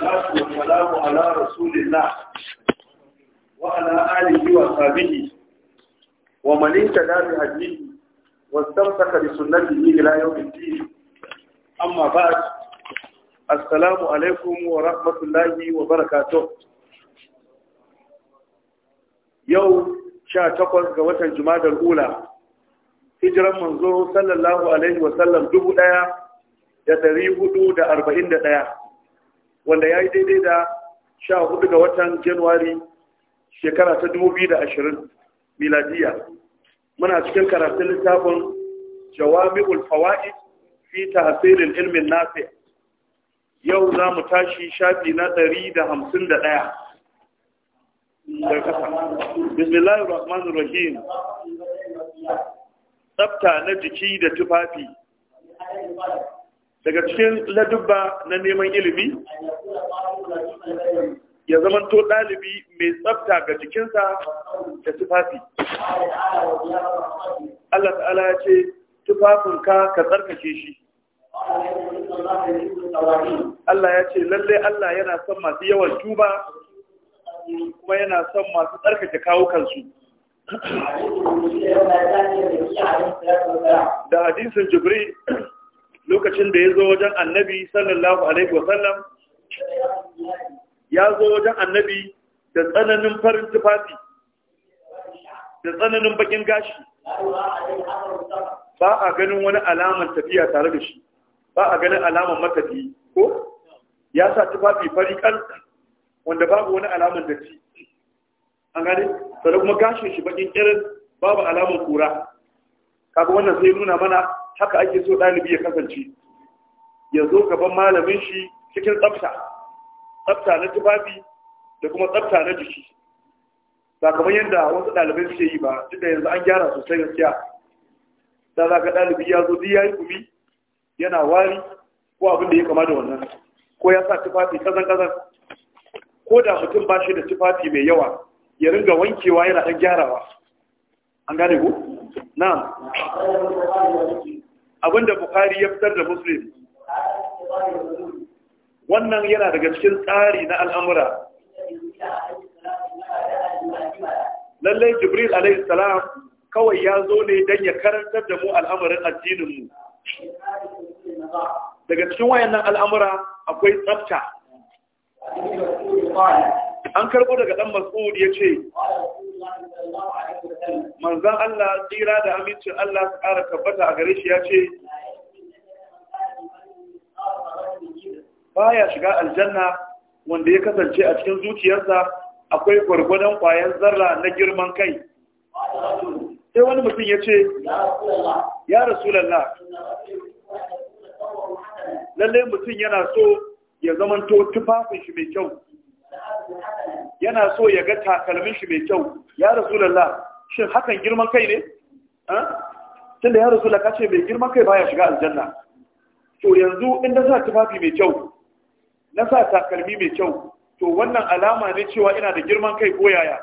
salatu wa salamu ala rasulillah wa ala alihi wa sahbihi wa man ittaba bi hadihi wa istamsaka bi sunnatihi ila yawm al-din amma ba'd assalamu alaykum wa rahmatullahi wa barakatuh yau 18 ga watan juma'a ula hijran manzo sallallahu alaihi wa sallam dubu daya da 441 wanda ya yi daidai da sha hudu ga watan januwari shekara ta dubu biyu da ashirin miladiya muna cikin karatun littafin jawami'ul fawaid fi tahsilil ilmin nafi yau za mu tashi shafi na dari da hamsin da ɗaya daga ƙasa rahim tsafta na jiki da tufafi daga cikin ladubba na neman ilimi ya zama to ɗalibi mai tsafta ga jikinsa da tufafi Allah ta'ala ya ce tufafinka ka tsarkake shi Allah ya ce lalle Allah yana son masu yawan tuba kuma yana son masu tsarkake kawukansu da hadisin jibril lokacin da ya zo wajen annabi sallallahu alaihi wasallam ya zo wajen annabi da tsananin farin tufafi da tsananin bakin gashi ba a ganin wani alaman tafiya tare da shi ba a ganin alaman matafi ko ya sa tufafi fari ƙarfi wanda babu wani alaman datti an gane sannan kuma gashin shi bakin irin babu alaman kura kaga wannan sai nuna mana haka ake so ɗalibi ya kasance ya zo gaban malamin shi cikin tsafta tsafta na tufafi da kuma tsafta na jiki ba kamar yadda wasu ɗalibai suke yi ba duk da yanzu an gyara sosai gaskiya da za ka ɗalibi ya zo duk ya yi kumi yana wari ko abin da ya kama da wannan ko ya sa tufafi kazan-kazan ko da mutum ba shi da tufafi mai yawa ya ringa wankewa yana ɗan gyarawa an gane ku? na abinda bukari ya fitar da Muslim wannan yana daga cikin tsari na al'amura lallai Jibril alaihi salam kawai ya zo ne don ya karantar da mu al'amarin addininmu daga cikin wayannan al'amura akwai tsafta an karbo daga ɗan mas'ud ya ce manzan Allah tsira da amincin Allah su ƙara tabbata a gare shi ya ce baya shiga aljanna wanda ya kasance a cikin zuciyarsa akwai gwargwadon ƙwayar zarra na girman kai sai wani mutum ya ce ya rasulallah lallai mutum yana so ya zamanto tufafin shi mai kyau yana so ya ga takalmin shi mai kyau ya rasulallah shin hakan girman kai ne eh? da ya rasu da kace mai girman kai baya shiga aljanna to yanzu in na sa tufafi mai kyau na sa takalmi mai kyau to wannan alama ne cewa ina da girman kai ko yaya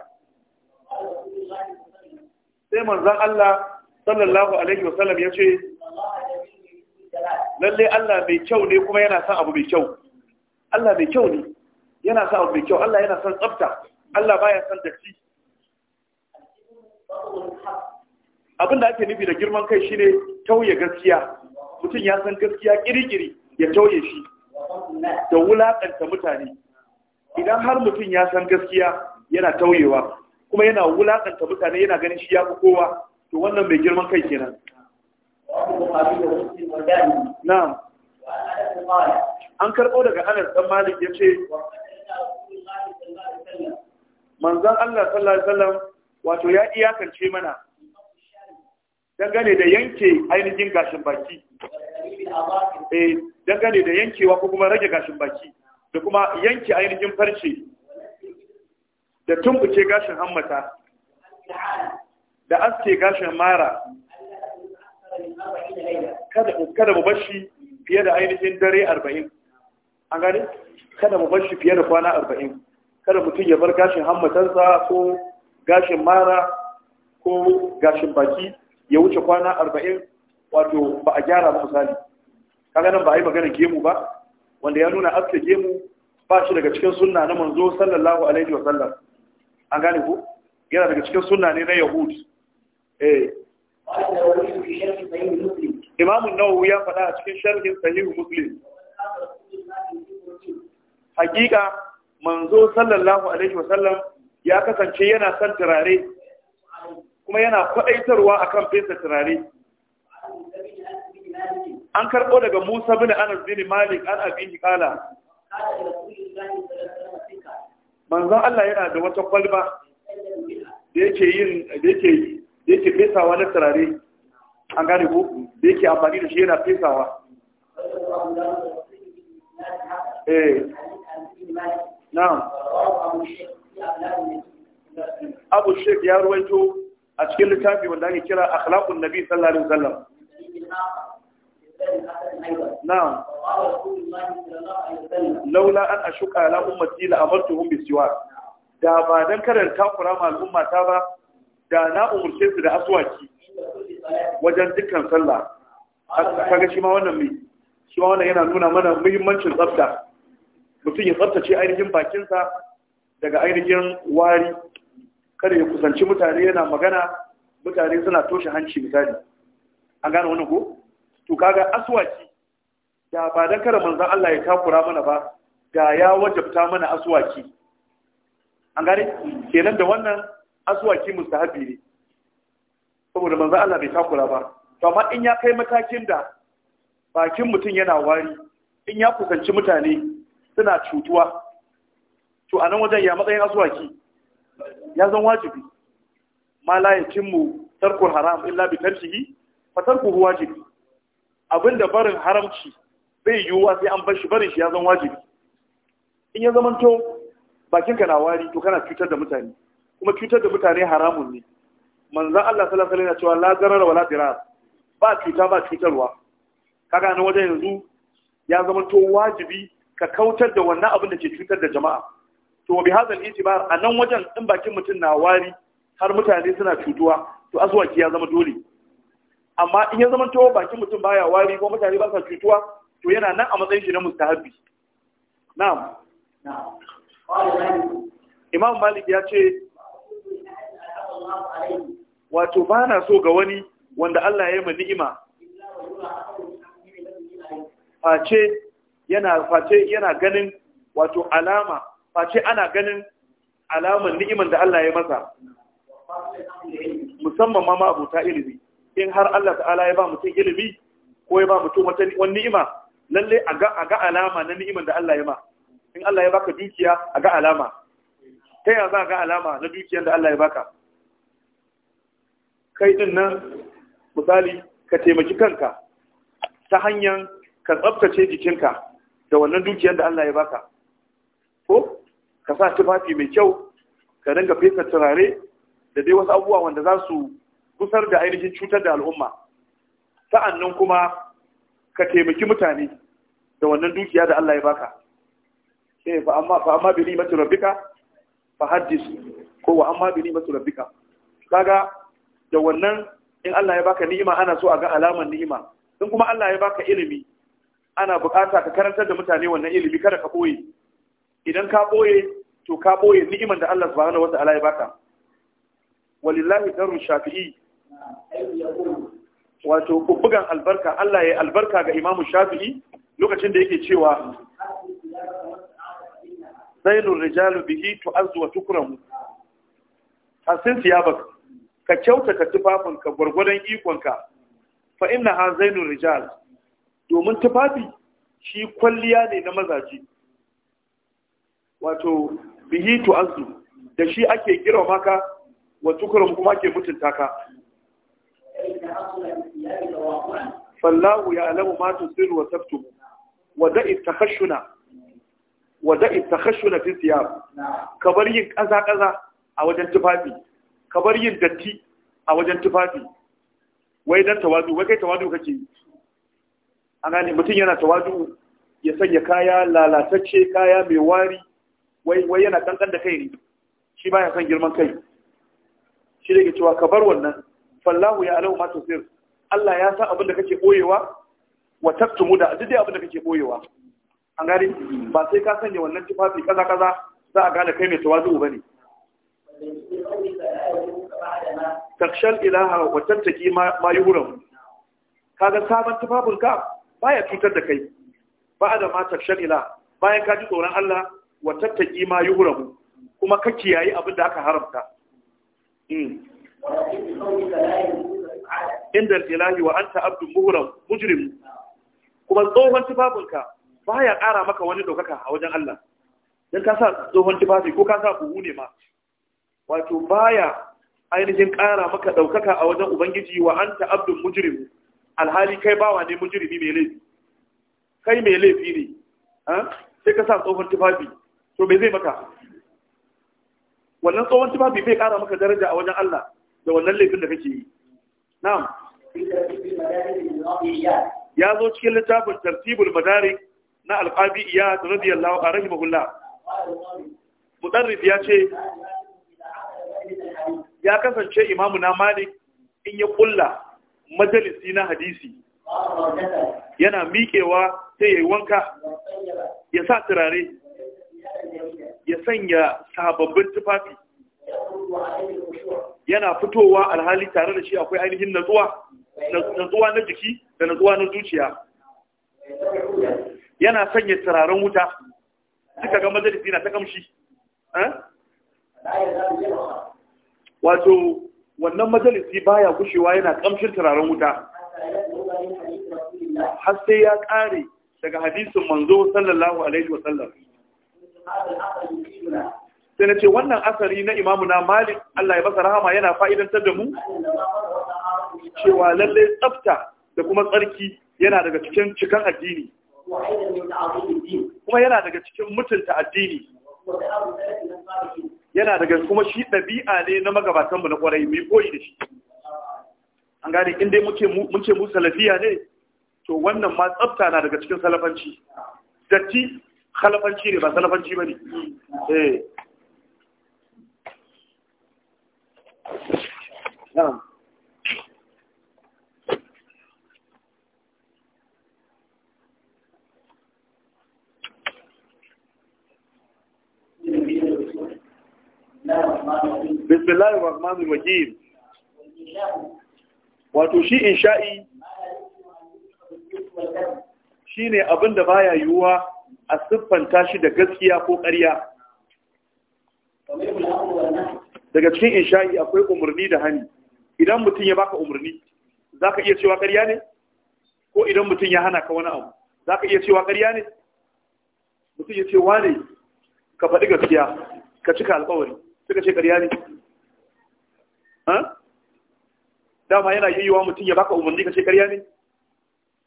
sai manzan Allah sallallahu alaihi wasallam ya ce lalle Allah mai kyau ne kuma yana son abu mai kyau Allah mai kyau ne yana son abu mai kyau Allah yana son tsafta Allah baya son datti abin da ake nufi da girman kai shine tauye gaskiya mutum ya san gaskiya kirikiri ya tauye shi da wulakanta mutane idan har mutum ya san gaskiya yana tauyewa kuma yana wulakanta mutane yana ganin shi ya fi kowa to wannan mai girman kai kenan na'am an karɓo daga anas dan malik ya ce manzon allah sallallahu alaihi wasallam wato ya iyakance mana dangane da yanke ainihin gashin baki eh dangane da yankewa ko kuma rage gashin baki da kuma yanke ainihin farce da tumbuce gashin hammata da aske gashin mara kada mu bashi fiye da ainihin dare arba'in an gane kada mu bashi fiye da kwana arba'in kada mutum ya bar gashin hammatarsa ko gashin mara ko gashin baki ya wuce kwana arba'in wato ba a gyara ba misali kaga nan ba a yi magana gemu ba wanda ya nuna aske gemu ba shi daga cikin sunna na manzo sallallahu alaihi wa sallam an gane ku yana daga cikin sunna ne na yahud eh imamu nawawi ya faɗa a cikin sharhin sahihu muslim hakika manzo sallallahu alaihi wa sallam ya kasance yana son turare kuma yana kwaɗaitarwa a kan fesa turare an karɓo daga musa bin anas bin malik an abin kala manzon allah yana da wata kwalba da yake yin da yake da yake fesawa na turare an gane ko da yake amfani da shi yana fesawa eh na'am abu shek ya ruwaito a cikin littafi wanda ake kira akhlaqun nabi sallallahu alaihi wasallam na'am laula an ashuka ala ummati la amartuhum siwa da ba dan karar takura ma al'umma ta ba da na umurce su da aswaki wajen dukkan sallah kaga shi ma wannan mai shi ma wannan yana nuna mana muhimmancin tsafta mutum ya tsaftace ainihin bakinsa daga ainihin wari kada ya kusanci mutane yana magana mutane suna toshe hanci misali an gane wani ko to kaga aswaki da ba dan kada manzon Allah ya takura mana ba da ya wajabta mana aswaki an gane kenan da wannan aswaki mustahabi ne saboda manzon Allah bai takura ba to amma in ya kai matakin da bakin mutum yana wari in ya kusanci mutane suna cutuwa to anan wajen ya matsayin asuwaki ya zan wajibi ma la yatimmu tarkul haram illa bi tarkihi fa tarkuhu wajibi abinda barin haramci bai yiwuwa sai an bar shi barin shi ya zan wajibi in ya bakin bakinka na wari to kana cutar da mutane kuma cutar da mutane haramun ne manzan Allah sallallahu alaihi cewa la zarar wala dirar ba cuta ba cutarwa kaga na wajen yanzu ya zaman to wajibi ka kautar da wannan abin da ke cutar da jama'a to bi hadal itibar a nan wajen in bakin mutum na wari har mutane suna cutuwa to aswaki ya zama dole amma in ya zama to bakin mutum baya wari ko mutane ba sa cutuwa to yana nan a matsayin shi na mustahabi na'am imam malik ya ce wato ba na so ga wani wanda Allah ya yi mai ni'ima face yana face yana ganin wato alama face ana ganin alaman ni'iman da Allah ya masa musamman ma abuta ilimi in har Allah ta'ala ya ba mutum ilimi ko ya ba mutum wata wani ni'ima lalle a ga alama na ni'iman da Allah ya ma in Allah ya baka dukiya a ga alama ta yaya za a ga alama na dukiyar da Allah ya baka kai din nan misali ka taimaki kanka ta hanyar ka tsabtace jikinka da wannan dukiyar da Allah ya baka ko ka sa tufafi mai kyau ka dinga fesa turare da dai wasu abubuwa wanda za su kusar da ainihin cutar da al'umma sa'annan kuma ka taimaki mutane da wannan dukiya da Allah ya baka eh fa amma fa amma bi ni'mati rabbika fa haddis ko wa amma bi ni'mati rabbika kaga da wannan in Allah ya baka ni'ima ana so a ga alaman ni'ima in kuma Allah ya baka ilimi ana bukata ka karantar da mutane wannan ilimi kada ka koyi idan ka boye to ka boye ni'imar da Allah subhanahu ta'ala ya baka walillahi darru shafi'i wato bugan albarka Allah ya albarka ga imamu shafi'i lokacin da yake cewa zainul rijalu bihi tu'azzu wa tukramu hasin siyabak ka kyautata tufafinka gwargwadon ikonka fa inna ha zainul rijal domin tufafi shi kwalliya ne na mazaji wato bihi Azu da shi ake girma maka wa tukurum kuma ake mutunta ka fallahu alamu ma tusiru wa taftu wa da'i takhashuna wa da'i takhashuna fi siyab kabar yin kaza kaza a wajen tufafi kabar yin datti a wajen tufafi wai dan tawadu wai kai tawadu kake yi an gane mutum yana tawadu ya sanya kaya lalatacce kaya mai wari wai yana kankan da kai ne shi ba ya son girman kai shi da ke cewa ka bar wannan fallahu ya alau masu sir Allah ya san abin da kake boyewa wa taktumu da duk abin da kake boyewa an gari ba sai ka sanya wannan tufafi kaza kaza za a gane kai mai tawazu bane takshal ilaha wa tattaki ma ma yuhram kaga sabon tufafin ka baya cutar da kai ba da ma takshal ilaha bayan ka ji tsoron Allah wa tattaki ma yuhramu kuma ka kiyaye abin da aka haramta hmm. inda ilahi wa anta abdu muhram mujrim kuma tsohon tufafinka baya ƙara maka wani ɗaukaka a wajen Allah dan ka sa tsohon tufafi ko ka sa buhu ne ma wato baya ainihin ƙara maka ɗaukaka a wajen Ubangiji wa Anta ta'abdun mujirimi, alhali kai bawa ne mujrimi mai laifi, kai mai laifi ne, sai ka sa tsohon tufafi, to me zai maka wannan tsohon tufafi bai kara maka daraja a wajen Allah da wannan laifin da kake yi na'am ya zo cikin littafin tartibul madari na alqabi iyad radiyallahu anhu rahimahullah mudarrif ya ce ya kasance imamu na malik in ya kulla majalisi na hadisi yana miƙewa sai ya yi wanka ya sa turare ya sanya sababbin tufafi yana fitowa alhali tare da shi akwai ainihin natsuwa natsuwa na jiki da natsuwa na zuciya yana sanya turaren wuta suka ga majalisi na ta kamshi eh? wato wannan majalisi baya gushewa yana kamshin turaren wuta har sai ya kare daga hadisin manzo sallallahu alaihi wasallam sai na ce wannan asari na imamu na malik Allah ya basa rahama yana fa'idantar da mu cewa lallai tsafta da kuma tsarki yana daga cikin cikan addini kuma yana daga cikin mutunta addini yana daga kuma shi ɗabi'a ne na magabatanmu na ƙwarai mai koyi da shi an gane inda mun ce mu salafiya ne to wannan ma tsafta na daga cikin salafanci datti khalafanci ne ba salafanci ba ne eh na'am bismillahir rahmanir rahim wato shi insha'i shine abinda baya yiwuwa a siffanta shi da gaskiya ko ƙarya daga cikin insha'i akwai umarni da hani idan mutum ya baka umarni za ka iya cewa ƙarya ne ko idan mutum ya hana ka wani abu za ka iya cewa ƙarya ne mutum ya ce wa ne ka faɗi gaskiya ka cika alƙawari suka ce ƙarya ne dama yana yi yiwuwa mutum ya baka umarni ka ce ƙarya ne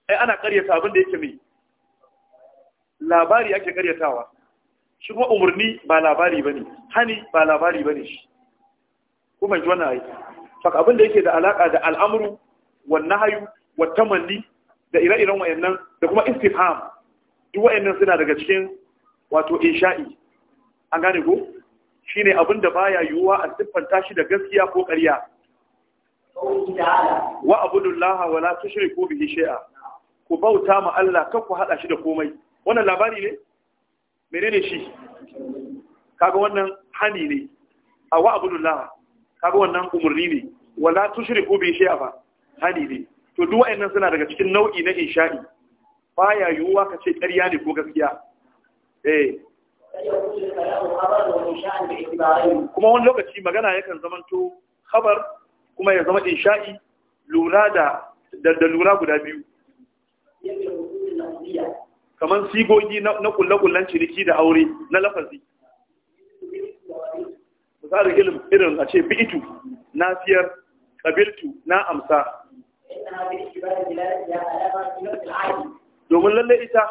ai ana ƙaryata abin da yake mai labari ake karyatawa shi kuma umarni ba labari ba ne hani ba labari ba ne shi kuma ji wannan aiki faka abinda yake da alaƙa da al'amuru wannan hayu wata manni da ire-iren wayannan da kuma istifham duk wayannan suna daga cikin wato insha'i an gane ko shine abin da baya yiwuwa a siffanta shi da gaskiya ko ƙarya wa abudullaha wala tushriku bihi shay'a ku bauta ma Allah kar ku haɗa shi da komai wannan labari ne menene shi kaga wannan hani ne a wa abdullah kaga wannan umurni ne wala tushriku bi shay'a fa hani ne to duk wayannan suna daga cikin nau'i na insha'i baya yuwa ka ce ƙarya ne ko gaskiya eh kuma wani lokaci magana yakan to khabar kuma ya zama insha'i lura da da lura guda biyu kamar sigogi na kulle-kullen ciniki da aure na lafazi misalin ilim irin a ce bi'itu na siyar kabiltu na amsa domin lalle ita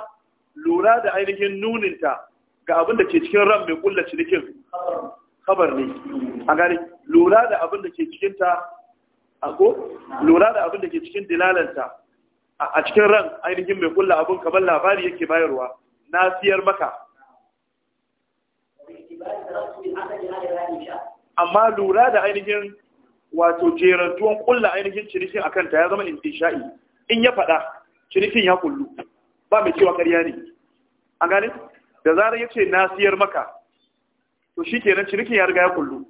lura da ainihin nuninta ga abin da ke cikin ran mai kulla cinikin kabar ne a gani, lura da abin da ke cikinta a ko lura da abin da ke cikin dilalanta a cikin ran ainihin mai kulla abin kamar labari yake bayarwa na siyar maka amma lura da ainihin wato jerantuwan kulla ainihin cinikin a kanta ya zama intisha'i in ya faɗa cinikin ya kullu ba mai cewa karya ne an gani da zarar ya ce na siyar maka to shi kenan cinikin ya riga ya kullu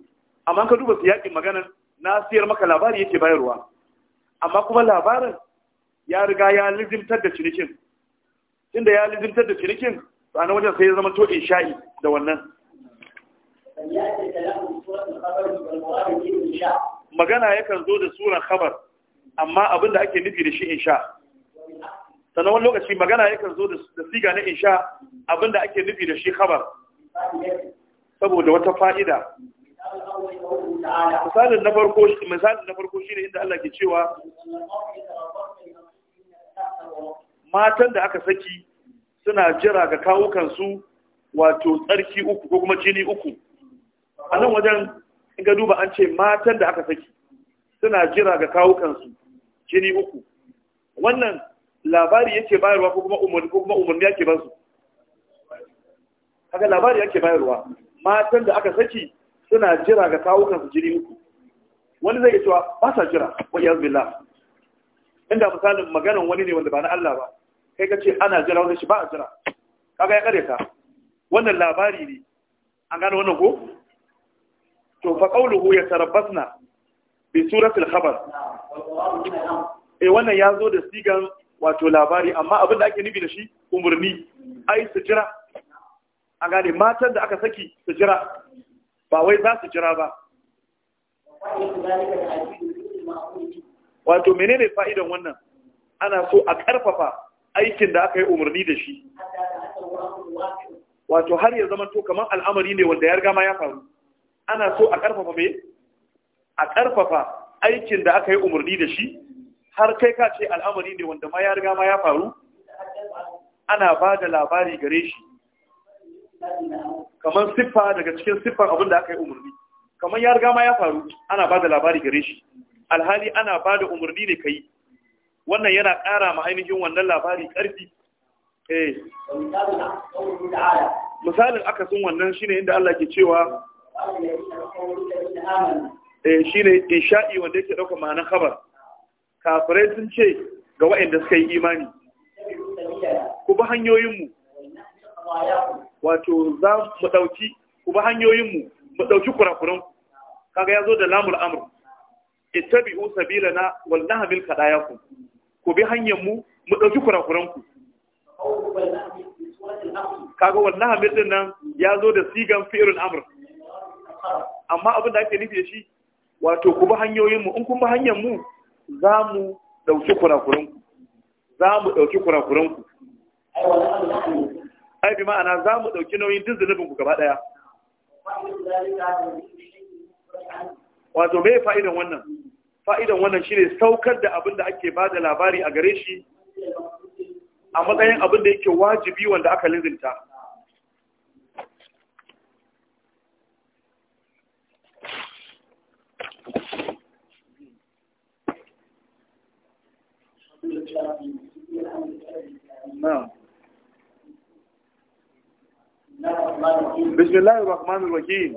amma ka duba siyakin maganar na siyar maka labari yake bayarwa amma kuma labarin ya riga ya lizimtar da cinikin inda ya lizimtar da cinikin a nan wajen sai ya zama to insha'i da wannan magana yakan zo da suran khabar amma abin da ake nufi da shi insha sannan wani lokaci magana yakan zo da siga na insha abin da ake nufi da shi khabar saboda wata fa'ida misalin na farko shi ne inda Allah ke cewa matan da aka saki suna jira ga kawukansu wato tsarki uku ko kuma jini uku a nan wajen in ga duba an ce matan da aka saki suna jira ga kawukansu jini uku wannan labari yake bayarwa ko kuma umarni ko kuma umarni yake su kaga labari yake bayarwa matan da aka saki suna jira ga kawukansu jini uku wani zai cewa ba sa jira wa yanzu billah inda misalin maganan wani ne wanda ba na Allah ba kai ka ce ana jira wani shi ba a jira kaga ya kare ka wannan labari ne an gane wannan ko to fa qawluhu yatarabbasna bi surati al-khabar eh wannan ya zo da sigan wato labari amma abin da ake nufi da shi umurni ai su jira an gane matan da aka saki su jira ba wai za su jira ba wato menene fa'idan wannan ana so a karfafa aikin da aka yi umarni da shi wato har ya zama to kamar al'amari ne wanda ya riga ma ya faru ana so a karfafa me a karfafa aikin da aka yi umarni da shi har kai ka ce al'amari ne wanda ma ya riga ma ya faru ana ba da labari gare shi kamar siffa daga cikin siffan abin da aka yi umarni kamar ya riga ma ya faru ana ba da labari gare shi alhali ana ba da umarni ne ka yi wannan yana ƙara ma ainihin wannan labari ƙarfi eh misalin akasin wannan shine inda Allah ke cewa eh shine sha'i wanda yake dauka ma'anar khabar kafirai sun ce ga waɗanda suka yi imani ku bi hanyoyinmu wato za mu ɗauki ku bi hanyoyinmu mu ɗauki kurakuran kaga ya zo da lamul amur ittabi'u sabilana wal nahmil kadayakum ku bi hanyar mu mu ɗauki kurakuran ku kaga wannan hamid din nan ya zo da sigan fi'ilul amr amma abin da ake nufi shi wato ku bi hanyoyin mu in kun bi hanyar mu za mu ɗauki kurakuran ku za mu ɗauki kurakuran ku ai bi ma'ana za mu ɗauki nauyin duk zunubin ku gaba ɗaya wato me fa'idan wannan fa'idan wannan shi ne saukar da abin da ake ba da labari a gare shi a matsayin abin da yake wajibi wanda aka lizinta بسم الله الرحمن الرحيم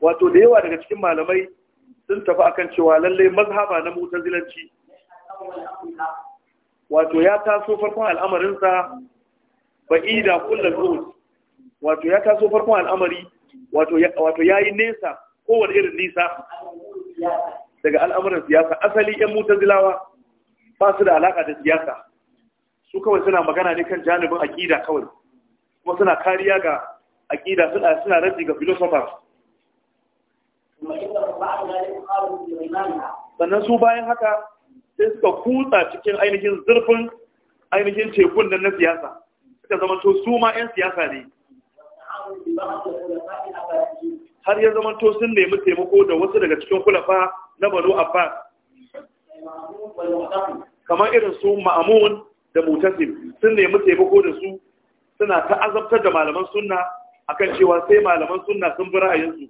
wato da yawa daga cikin malamai sun tafi akan cewa lalle mazhaba na mutazilanci wato ya taso farkon al'amarin sa ba'ida kullu zuhud wato ya taso farkon al'amari wato ya yi nesa wani irin nisa daga al'amuran siyasa asali yan mutazilawa ba su da alaka da siyasa su kawai suna magana ne kan janibin aƙida kawai kuma suna kariya ga aƙida suna rabi ga philosophers sannan su bayan haka sai suka kutsa cikin ainihin zurfin ainihin tekun da na siyasa suka to su ma 'yan siyasa ne har ya zamanto sun nemi taimako da wasu daga cikin kulafa na banu abbas kamar irin su ma'amun da mutasim sun nemi taimako da su suna ta azabtar da malaman sunna akan cewa sai malaman sunna sun bi ra'ayinsu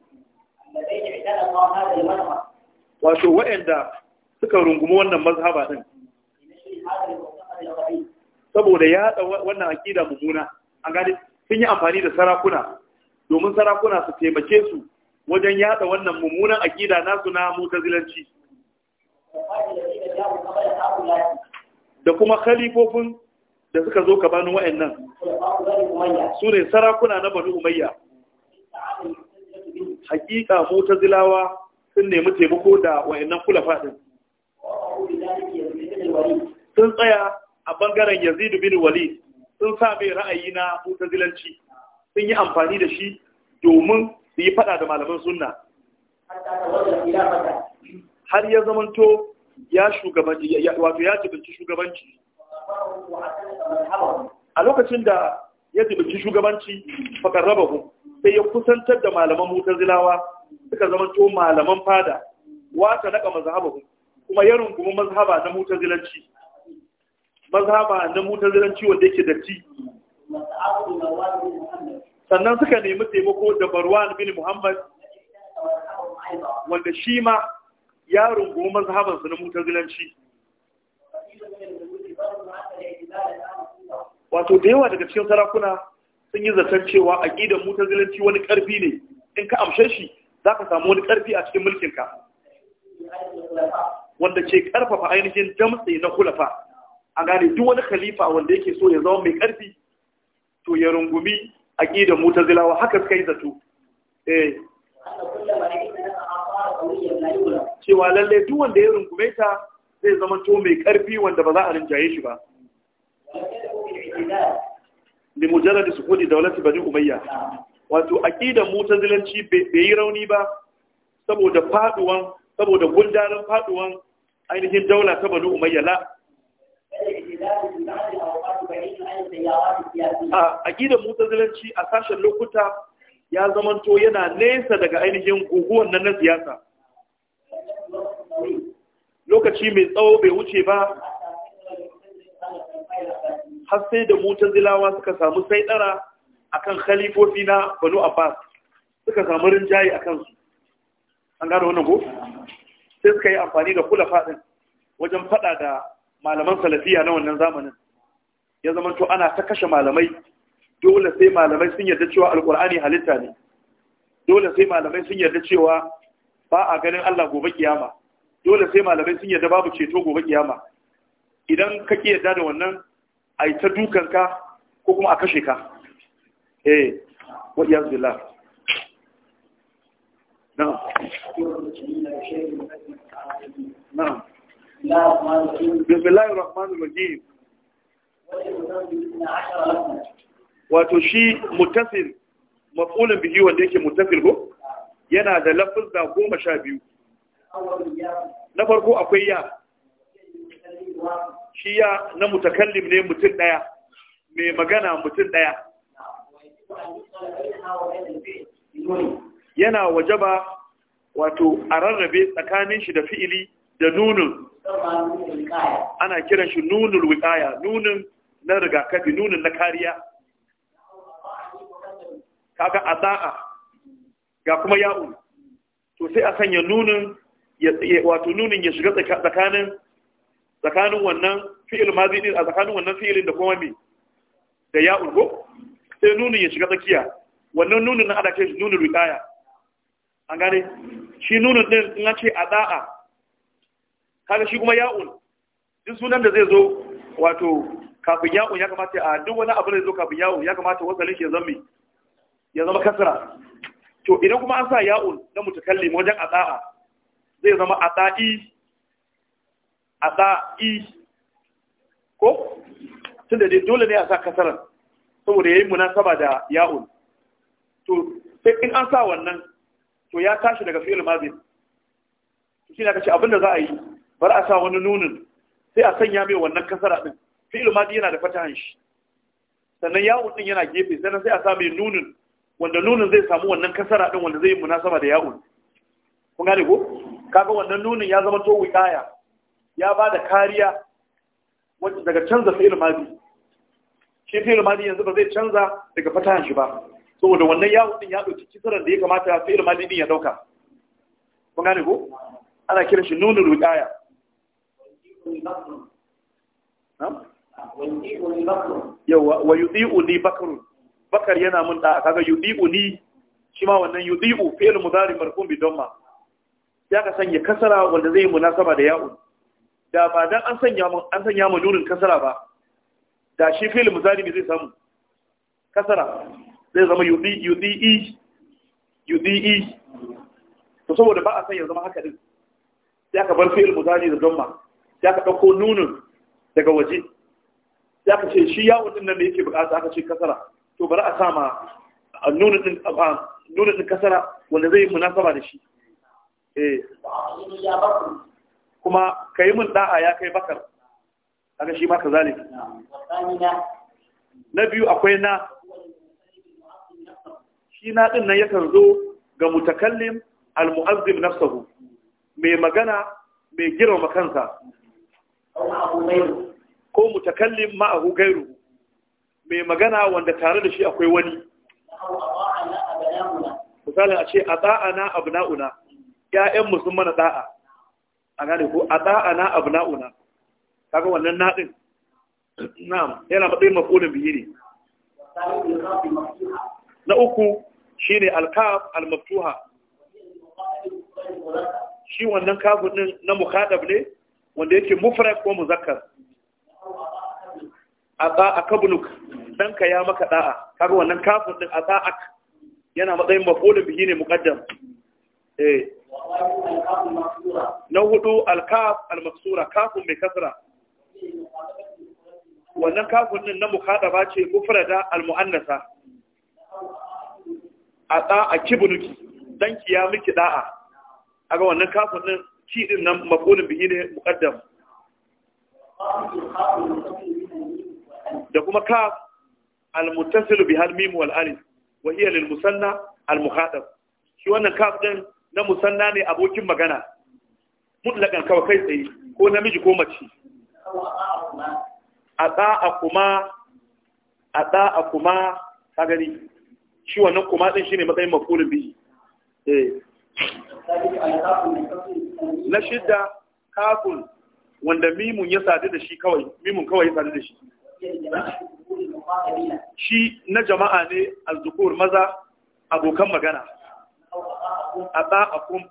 wato waɗanda suka rungumi wannan mazhaba din saboda ya wannan akida mummuna an gane sun yi amfani da sarakuna domin sarakuna su taimake su wajen yaɗa wannan mummunan akida nasu na mutazilanci da kuma khalifofin da suka zo ka waɗannan su ne sarakuna na bani umayya hakika mutazilawa sun nemi taimako da wayannan kulafa din sun tsaya a bangaren yazid bin walid sun sa mai ra'ayi na mutazilanci sun yi amfani da shi domin su yi fada da malaman sunna har ya zamanto ya shugabanci wato ya shugabanci a lokacin da ya jibinci shugabanci fakar raba sai ya kusantar da malaman mutazilawa suka zama to malaman fada wata naka ku. kuma ya rungumi mazhaba na mutazilanci mazhaba na mutazilanci wanda yake datti sannan suka nemi taimako da barwan bin muhammad wanda shi ma ya rungumi mazhabansu na mutazilanci wato da yawa daga cikin sarakuna sun yi zaton cewa aqidar mutazilanci wani ƙarfi ne in ka amshe shi za ka samu wani ƙarfi a cikin mulkinka wanda ke ƙarfafa ainihin damtse na kulafa a gane duk wani khalifa wanda yake so ya zama mai ƙarfi, to ya rungumi aqidar mutazilawa haka suka yi zato eh. cewa lallai duk wanda ya rungume ta zai zama to mai ƙarfi wanda ba za a rinjaye shi ba bi mujarrad sukudi dawlati bani umayya wato aqidan mutazilanci bai yi rauni ba saboda faduwan saboda gundarin faduwan ainihin daula ta bani umayya la a aqidan mutazilanci a sashen lokuta ya zamanto yana nesa daga ainihin guguwan nan na siyasa lokaci mai tsawo bai wuce ba har sai da zilawa suka samu sai dara akan khalifofi na banu abbas suka samu rinjaye a kansu an gano wannan ko sai suka yi amfani da kula faɗin wajen faɗa da malaman salafiya na wannan zamanin ya zama to ana ta kashe malamai dole sai malamai sun yarda cewa alkur'ani halitta ne dole sai malamai sun yarda cewa ba a ganin Allah gobe kiyama dole sai malamai sun yarda babu ceto gobe kiyama idan ka kiyarda yarda da wannan a yi ta dukanka ko kuma a kashe ka eh wa iya zila na na bismillahir rahmanir rahim wato shi mutasil mafulin bihi wanda yake mutasil ko yana da lafazza goma sha biyu na farko akwai ya shi ya na mutakallim ne mutum ɗaya mai magana mutum ɗaya yana wajaba wato a rarrabe tsakanin shi da fi'ili da nunin ana kiran shi nunul wikaya nunin na rigakafi nunin na kariya kaga a za'a ga kuma ya'u to sai a sanya nunin wato nunin ya shiga tsakanin tsakanin wannan fi'il mazi din a tsakanin wannan fi'ilin da kuma me da ya ulgo sai nunin ya shiga tsakiya wannan nunin na ana kai nunin riqaya an gane shi nunin din in an ce ada'a kaga shi kuma ya'un duk sunan da zai zo wato kafin ya'un ya kamata a duk wani abu da zai zo kafin ya'un ya kamata wasalin shi ya zama ya zama kasra to idan kuma an sa ya'un na mutakallim wajen ada'a zai zama ada'i a sa i ko tunda dai dole ne a sa kasaran saboda yi munasaba da ya'un to sai in an sa wannan to ya tashi daga fi'il mazin shi ne kace abinda za a yi bar a sa wani nunin sai a sanya mai wannan kasara din fi'il madi yana da fatahan shi sannan ya'un din yana gefe sannan sai a sa mai nunin wanda nunin zai samu wannan kasara din wanda zai yi munasaba da ya'un kun gane ko kaga wannan nunin ya zama to wiqaya ya ba da kariya wacce daga canza fi'il madi shi fi'il madi yanzu ba zai canza daga fatahan shi ba saboda wannan yawo din ya dauki kisaran da ya kamata fi'il madi din ya dauka kun gane ko ana kiran shi nunul wiqaya yawa wa yudhi'u li bakr bakar yana mun da kaga yudhi'u ni shi ma wannan yudhi'u fi'il mudari marfun bi ma. ya ka sanya kasara wanda zai yi munasaba da ya'un da ba dan an sanya mu an sanya mu nurin kasara ba da shi fi'il muzalimi zai samu kasara zai zama yudi yudi e, yudi e, e. to saboda ba a sanya zama haka din sai aka bar filin muzalimi da damma sai aka dauko nunin daga waje sai aka ce shi yawon din nan da yake bukata aka ce kasara to bari a sama nunin din nunin din kasara wanda zai munasaba da shi eh kuma ka yi min da'a ya kai bakar kaga shi maka ka na biyu akwai na shi na ɗin nan yakan zo ga mutakallim na sahu. mai magana mai girma kansa ko mutakallim ma'ahu gairu mai magana wanda tare da shi akwai wani misalin a ce a da'ana abna'una 'ya'yanmu sun mana da'a a ne ko a abu na'una kaga wannan naɗin na'am yana matsayin mafolin biyu ne na uku shi ne alkaf almaftuha shi wannan kafin ɗin na mukaɗab ne wanda yake mufrad ko muzakkar a ba'a kabnuk ɗanka ya maka ɗa'a kaga wannan kafin ɗin a ba'ak yana matsayin mafolin biyu ne muƙaddam eh na hudu alkaf almaksura kafin mai kasra wannan kafin din na ba ce mufrada almuannasa a da a kibunuki dan kiya miki da'a aga wannan kafin din ki din nan maqulun bihi ne muqaddam da kuma kaf almuttasilu bi hal mim wal alif wa hiya lil musanna al mukhadab shi wannan kaf din na musanna ne abokin magana mutlakan kawai kai tsaye ko namiji ko mace a da'a kuma a da'a kuma ta gani shi wannan kuma din shine matsayin mafulin bihi eh na shidda kafin wanda mimun ya sadu da shi kawai mimun kawai ya sadu da shi shi na jama'a ne azzukur maza abokan magana a da'a kuma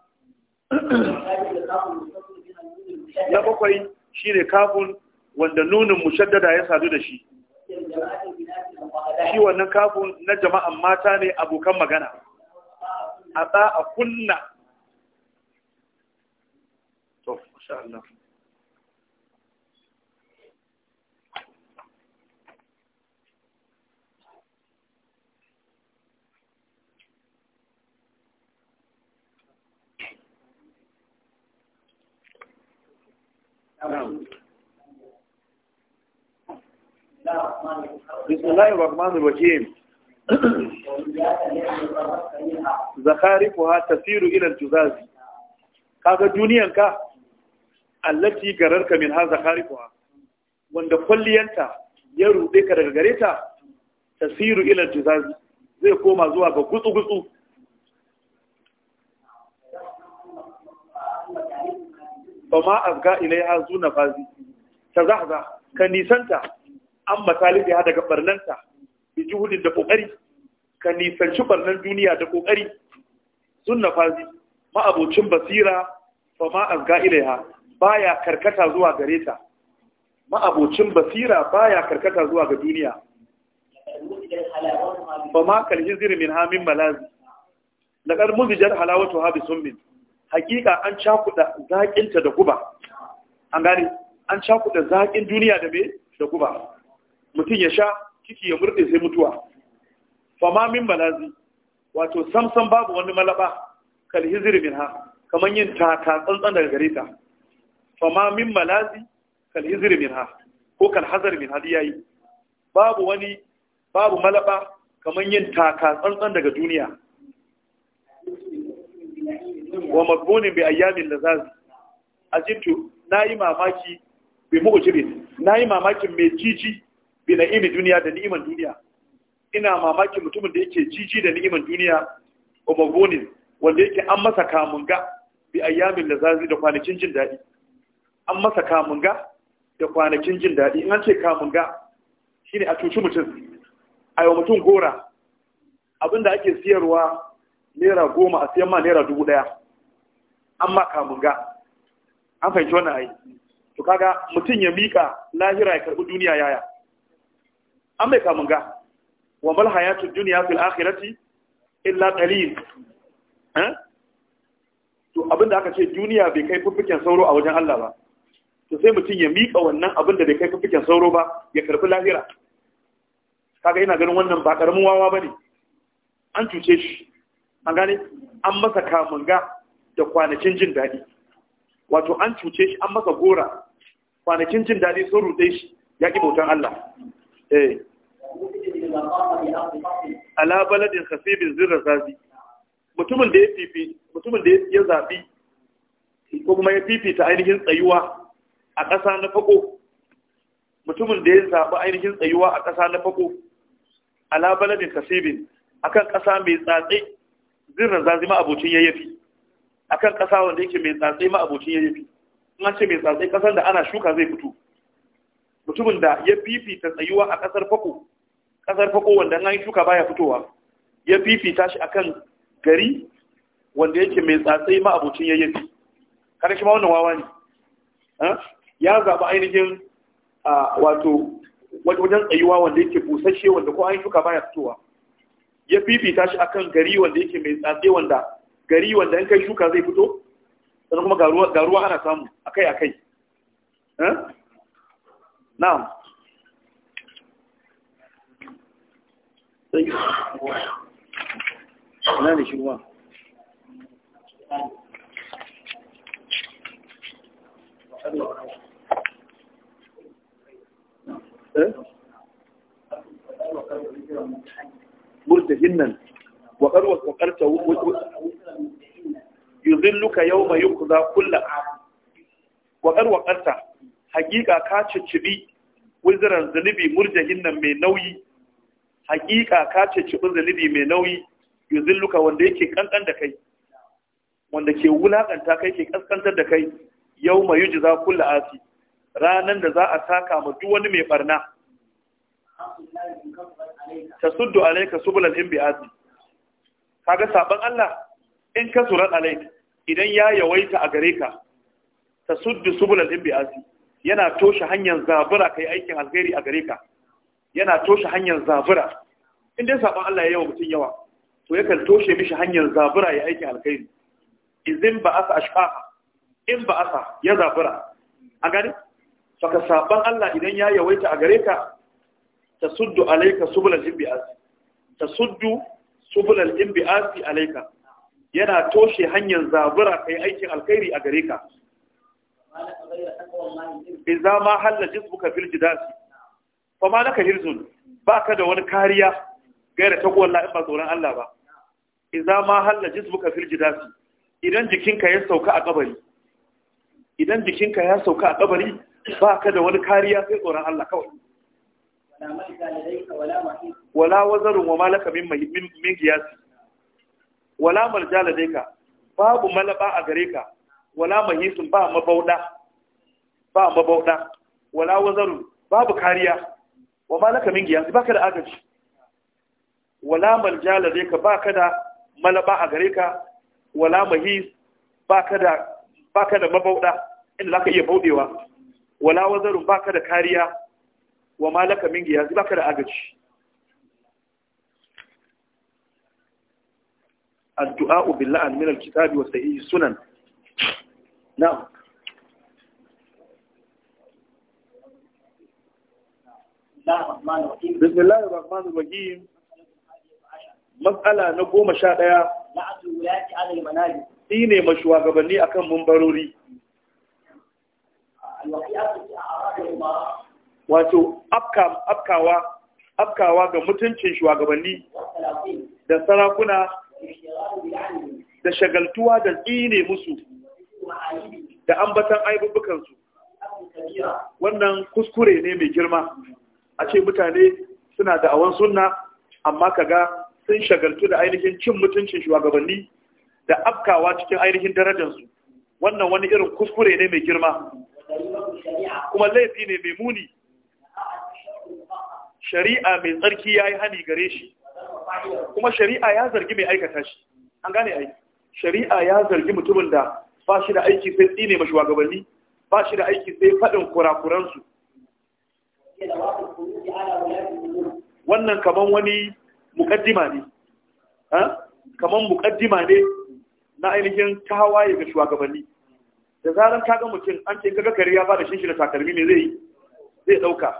na bakwai shi ne kafin wanda nunin mushaddada ya sadu da shi shi wannan kafin na jama'an mata ne abokan magana a tsa a kunna بسم الله الرحمن الرحيم زخارفها تسير إلى الجزاز kaga duniyanka allati gararka min haza wanda kulliyanta ya rude ka daga gareta tasiru ila juzazi zai koma zuwa ga gutsu gutsu Ba ma ilai ilaiha zuna zi ta za ka nisanta an matalibi ha daga barnanta bi juhudin da kokari ka nisanci barnan duniya da kokari sunna fazi ma abocin basira ba ma ha ba baya karkata zuwa gare ta ma abocin basira baya karkata zuwa ga duniya Ba ma kalhizir min hamin malazi kar muzijar halawatu ha bi min. hakika an cakuda zaƙinta da guba an gane an cakuda zaƙin duniya da me da guba mutum ya sha ciki ya murde sai mutuwa fama min balazi wato samsam babu wani malaba kal min ha, kaman yin taka tsantsan daga gare ta fama min malazi kal min ha, ko kal hazar min ha, yayi babu wani babu malaba kaman yin taka tsantsan daga duniya wa mazmunin bi ayyamin lazazi ajitu nayi mamaki bi mu'jibin nayi mamakin mai jiji bi na'imi duniya da ni'iman duniya ina mamakin mutumin da yake jiji da ni'iman duniya wa mazmunin wanda yake an masa kamunga bi ayyamin lazazi da kwanakin jin daɗi an masa kamunga da kwanakin jin daɗi in an ce kamunga shine a tuci mutum a yi mutum gora abinda ake siyarwa naira goma a siyan ma naira dubu ɗaya an ma kamunga an fahimci wannan ai to kaga mutum ya mika lahira ya karbi duniya yaya an bai kamunga wa mal hayatud dunya fil akhirati illa qalil eh to abinda aka ce duniya bai kai fuffuken sauro a wajen Allah ba to sai mutum ya mika wannan abinda bai kai fuffuken sauro ba ya karbi lahira kaga ina ganin wannan ba karamin wawa bane an cuce shi an gane an masa kamunga da kwanakin jin daɗi wato an cuce shi an masa gora kwanakin jin daɗi sun rute shi ya ƙi bautan Allah eh ala baladin khasibin zirra zazi mutumin da ya fifi mutumin da ya zaɓi, ko kuma ya ta ainihin tsayuwa a ƙasa na fako mutumin da ya zabi ainihin tsayuwa a ƙasa na fako ala baladin khasibin akan ƙasa mai tsatsi zirra zazi ma abocin yayyafi akan ƙasa wanda yake mai tsatsai ma abocin ya yafi kuma ce mai tsatsai ƙasar da ana shuka zai fito mutumin da ya fifita tsayuwa a ƙasar fako ƙasar fako wanda an yi shuka baya fitowa ya fifita shi akan gari wanda yake mai tsatsai ma abocin ya yafi kada shi ma wannan wawa ne ya zaɓi ainihin wato wajen tsayuwa wanda yake busasshe wanda ko an yi shuka baya fitowa ya fifita shi akan gari wanda yake mai tsatsai wanda gari wanda in kai shuka zai fito sannan kuma ga ruwa ana samu akai akai na'am na ne shi ruwa murtahin nan wa qad wasaqarta yuzilluka yawma ka cicibi wiziran zunubi nan mai nauyi haqiqa ka cicibi zunubi mai nauyi yuzilluka wanda yake kankan da kai wanda ke wulakanta kai ke kaskantar da kai yawma yujza kullu asi ranan da za a saka ma duk wani mai barna tasuddu alayka subul al-inbiati kaga sabon Allah in ka surat alaik idan ya yawaita a gare ka ta suddu subulal imbiasi yana toshe hanyar zabura kai aikin alheri a gare ka yana toshe hanyar zabura in dai sabon Allah ya yawa mutum yawa to yakan toshe mishi hanyar zabura ya aikin alheri izin ba asa ashqa in ba asa ya zabura a gani saka sabon Allah idan ya yawaita a gare ka ta suddu alaika subulal imbiasi ta suddu subul al-inbi'asi alayka yana toshe hanyar zabura kai aikin alkhairi a gare ka Iza ma halla jisbuka fil jidasi fa ma laka hirzun baka da wani kariya gaira ta kuwan la'in ba tsoron Allah ba Iza ma halla jisbuka fil jidasi idan jikinka ya sauka a kabari idan jikinka ya sauka a kabari baka da wani kariya sai tsoron Allah kawai wala wazarun wa malaka min min giyasi wala malja ladaika babu malaba a gare ka wala mahisun ba mabauda ba mabauda wala wazarun babu kariya wa malaka min giyasi baka da agaji wala malja ladaika baka da malaba a gare ka wala mahis baka da baka da mabauda inda zaka iya baudewa wala wazarun baka da kariya وما لك من جهاز بك رأجج الدعاء باللعن من الكتاب وسيئي السنن نعم بسم الله الرحمن الرحيم مسألة نقوم شادية إين مشوا قبلني أكن منبروري الوقيات في أعراض المرأة wato afkawa afkawa ga mutuncin shugabanni da sarakuna da shagaltuwa da tsine musu da ambatan aibubukan su, wannan kuskure ne mai girma a ce mutane suna da awon sunna amma kaga sun shagaltu da ainihin cin mutuncin shugabanni da afkawa cikin ainihin darajarsu wannan wani irin kuskure ne mai girma kuma laifi ne mai muni shari'a mai tsarki ya yi hani gare shi kuma shari'a ya zargi mai aikata shi an gane ai shari'a ya zargi mutumin da ba shi da aiki sai tsine wa shugabanni ba shi da aiki sai faɗin kurakuransu wannan kaman wani mukaddima ne kaman mukaddima ne na ainihin tawaye ga shugabanni da zaran kaga mutum an ce kaga kare ya ba da shi da takalmi ne zai zai dauka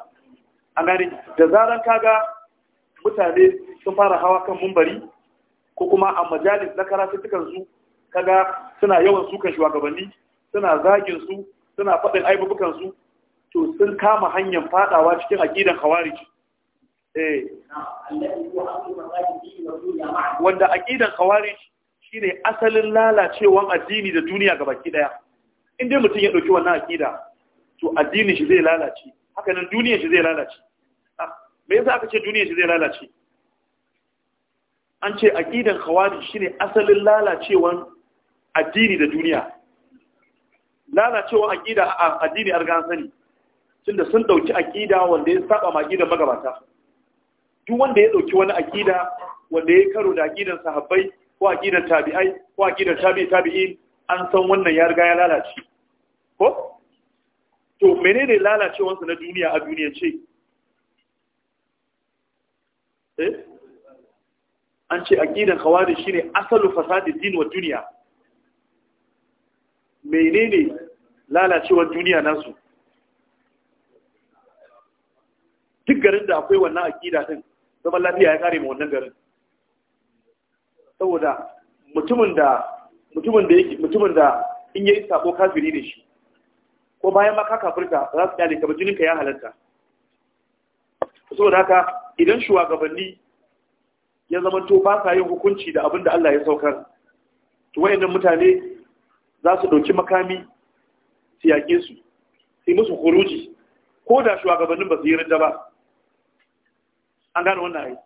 an gane da zaran kaga mutane sun fara hawa kan mumbari ko kuma a majalis na karatuttukan su kaga suna yawan sukan shugabanni suna zagin su suna faɗin aibubukan su to sun kama hanyar fadawa cikin aqidan khawarij eh wanda aqidan khawarij shine asalin lalacewan addini da duniya gabaki daya in dai mutum ya dauki wannan aqida to addinin shi zai lalace haka nan duniyar shi zai lalace me yasa aka ce duniya shi zai lalace an ce aqidan khawarij shine asalin lalacewan addini da duniya lalacewan aqida a addini a sani tunda sun dauki aqida wanda ya saba ma aqidan magabata duk wanda ya dauki wani aqida wanda ya karo da aqidan sahabbai ko aqidan tabi'ai ko aqidan tabi tabi'in an san wannan ya riga ya lalace ko to menene lalacewansa na duniya a duniyance Eh? an ce aqidan khawarij shine asalu fasadi din wa duniya menene lalacewar duniya nasu duk garin da akwai wannan aqida din zaman lafiya ya kare ma wannan garin saboda mutumin da mutumin da yake mutumin da in yayi sako kafiri ne shi ko bayan ma ka kafirta za su kyale ka ba jinin ka ya halatta saboda haka idan shugabanni ya zama to ba sa yin hukunci da abin da Allah ya saukar to wayannan mutane za su dauki makami su yaƙe su sai musu khuruji ko da shugabannin ba su yi rinda ba an gane wannan ai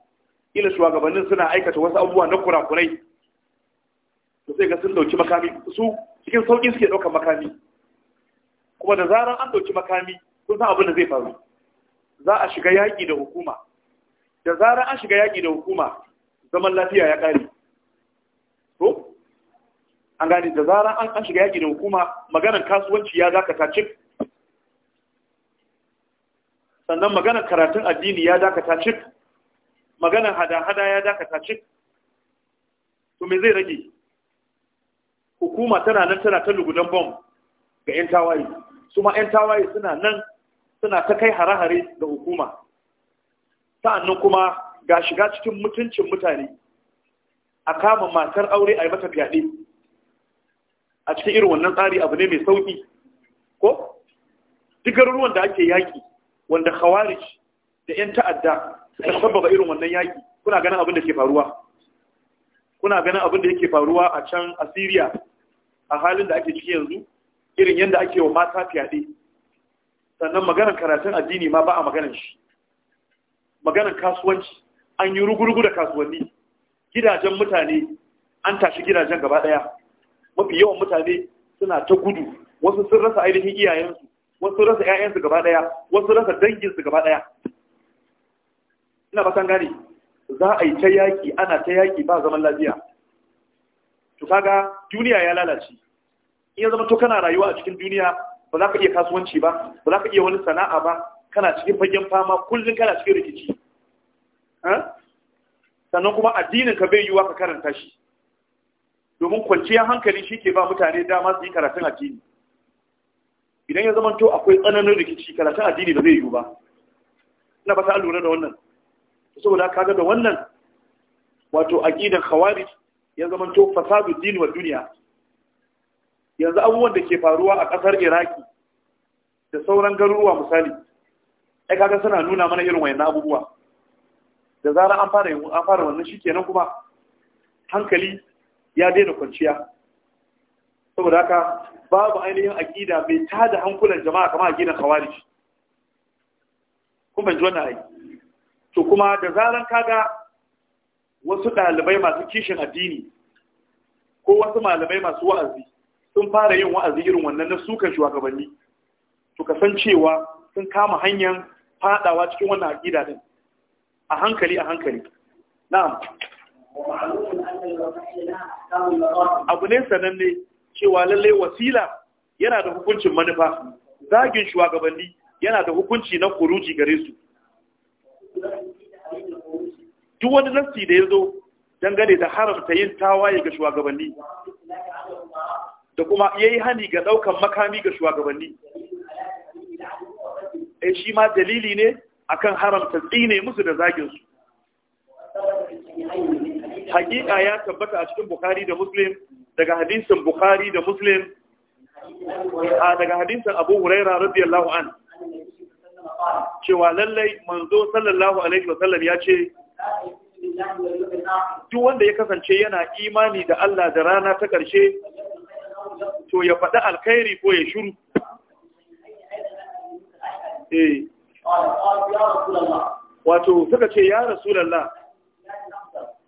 ila shugabannin suna aikata wasu abubuwa na kurakurai to sai ga sun dauki makami su cikin sauki suke daukar makami kuma da zaran an dauki makami kun san abin da zai faru za a shiga yaƙi da hukuma da zarar an shiga yaƙi da hukuma zaman lafiya ya ƙare to an gani da zarar an shiga yaƙi da hukuma maganar kasuwanci ya dakata cik sannan maganar karatun addini ya dakata cik maganar hada-hada ya dakata cik to me zai rage hukuma tana nan tana ta lugudan bom ga 'yan tawaye su ma 'yan tawaye suna nan suna ta kai hare-hare ga hukuma sa'annan kuma ga shiga cikin mutuncin mutane a kama matar aure a yi mata fyaɗe a cikin irin wannan tsari abu ne mai sauƙi ko duk garuruwan da ake yaƙi wanda khawarij da 'yan ta'adda suka sababa irin wannan yaƙi kuna ganin abin da ke faruwa kuna ganin abin da yake faruwa a can asiriya a halin da ake ciki yanzu irin yadda ake wa mata fyaɗe sannan maganar karatun addini ma ba a maganar shi maganar kasuwanci an yi rugurugu da kasuwanni gidajen mutane an tashi gidajen gaba daya mafi yawan mutane suna ta gudu wasu sun rasa ainihin iyayensu wasu rasa ƴaƴansu gaba daya wasu sun rasa danginsu gaba daya ina ba san gane za a yi ta yaki ana ta yaƙi ba zaman lafiya to kaga duniya ya lalace in ya zama to kana rayuwa a cikin duniya ba za ka iya kasuwanci ba ba za ka iya wani sana'a ba kana cikin fagen fama kullum kana cikin rikici eh? sannan kuma addinin ka bai yiwuwa ka karanta shi domin kwanciyar hankali shi ke ba mutane dama su yi karatun addini idan ya zamanto akwai tsananin rikici karatun addini ba zai yiwu ba ina ba ta lura da wannan saboda ga da wannan wato aqidan khawarij ya zamanto fasadu din wa duniya yanzu abubuwan da ke faruwa a ƙasar iraki da sauran garuruwa misali ai kaga suna nuna mana irin wayannan abubuwa da zarar an fara an fara wannan shikenan kuma hankali ya daina kwanciya saboda haka babu ainihin akida mai tada hankulan jama'a kamar aqidan kawari Kuma ban ji wannan ai to kuma da zarar kaga wasu ɗalibai masu kishin addini ko wasu malamai masu wa'azi sun fara yin wa'azi irin wannan na sukan shugabanni to cewa sun kama hanyar fadawa cikin wannan aƙida din a hankali a hankali na'am abu ne sananne cewa lallai wasila yana da hukuncin manufa zagin shugabanni yana da hukunci na kuruji gare su duk wani nasti da ya zo dangane da haramta yin tawaye ga shugabanni da kuma ya yi hani ga daukan makami ga shugabanni E, shi ma dalili ne akan haramta tsine musu da zaginsu. hakika ya tabbata a cikin bukhari da muslim daga hadisin bukhari da muslim a daga hadisin abu huraira radiyallahu an cewa lallai manzo sallallahu alaihi wasallam ya ce duk wanda ya kasance yana imani da Allah da rana ta ƙarshe to ya faɗi alkhairi ko ya shiru eh wato suka ce ya rasulullah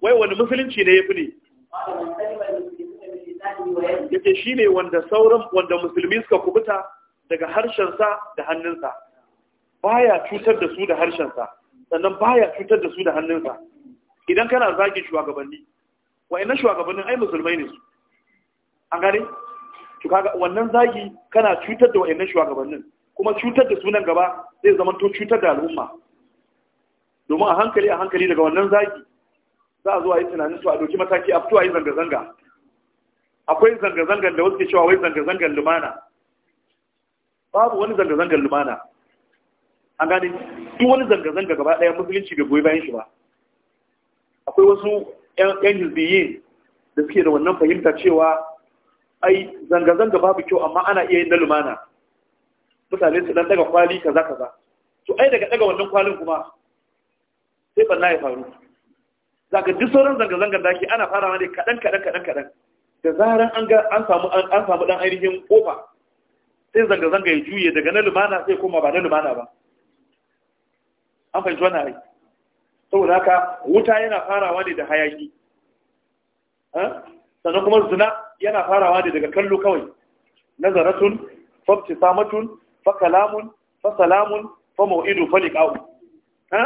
wai wani musulunci ne yafi ne yake shi ne wanda sauran wanda musulmi suka kubuta daga harshensa da hannunsa baya cutar da su da harshensa sannan baya cutar da su da hannunsa idan kana zagin shugabanni wa'annan shugabannin ai musulmai ne su an gane to kaga wannan zagi kana cutar da wayannan shugabannin kuma cutar da sunan gaba zai zama to cutar da al'umma domin a hankali a hankali daga wannan zagi za a zo a yi tunanin su a doki mataki a fito a yi zanga-zanga akwai zanga zangan da wasu ke cewa wai zanga zangan lumana babu wani zanga zangan lumana an gane duk wani zanga-zanga gaba ɗaya musulunci bai goyi bayan shi ba akwai wasu 'yan yin da suke da wannan fahimta cewa ai zanga-zanga babu kyau amma ana iya yin na lumana mutane su dan daga kwali kaza kaza to ai daga daga wannan kwalin kuma sai banna ya faru zaka duk sauran zanga-zangar da ake ana farawa ne kaɗan kaɗan kaɗan kaɗan da zaran an ga an samu an samu dan ainihin kofa sai zanga-zanga ya juye daga na lumana sai koma ba na lumana ba an fahimci wannan ai saboda haka wuta yana farawa ne da hayaki sannan kuma zina yana farawa ne daga kallo kawai nazaratun samatun, fa kalamun fa salamun fa mau'idu fa liqa'u ha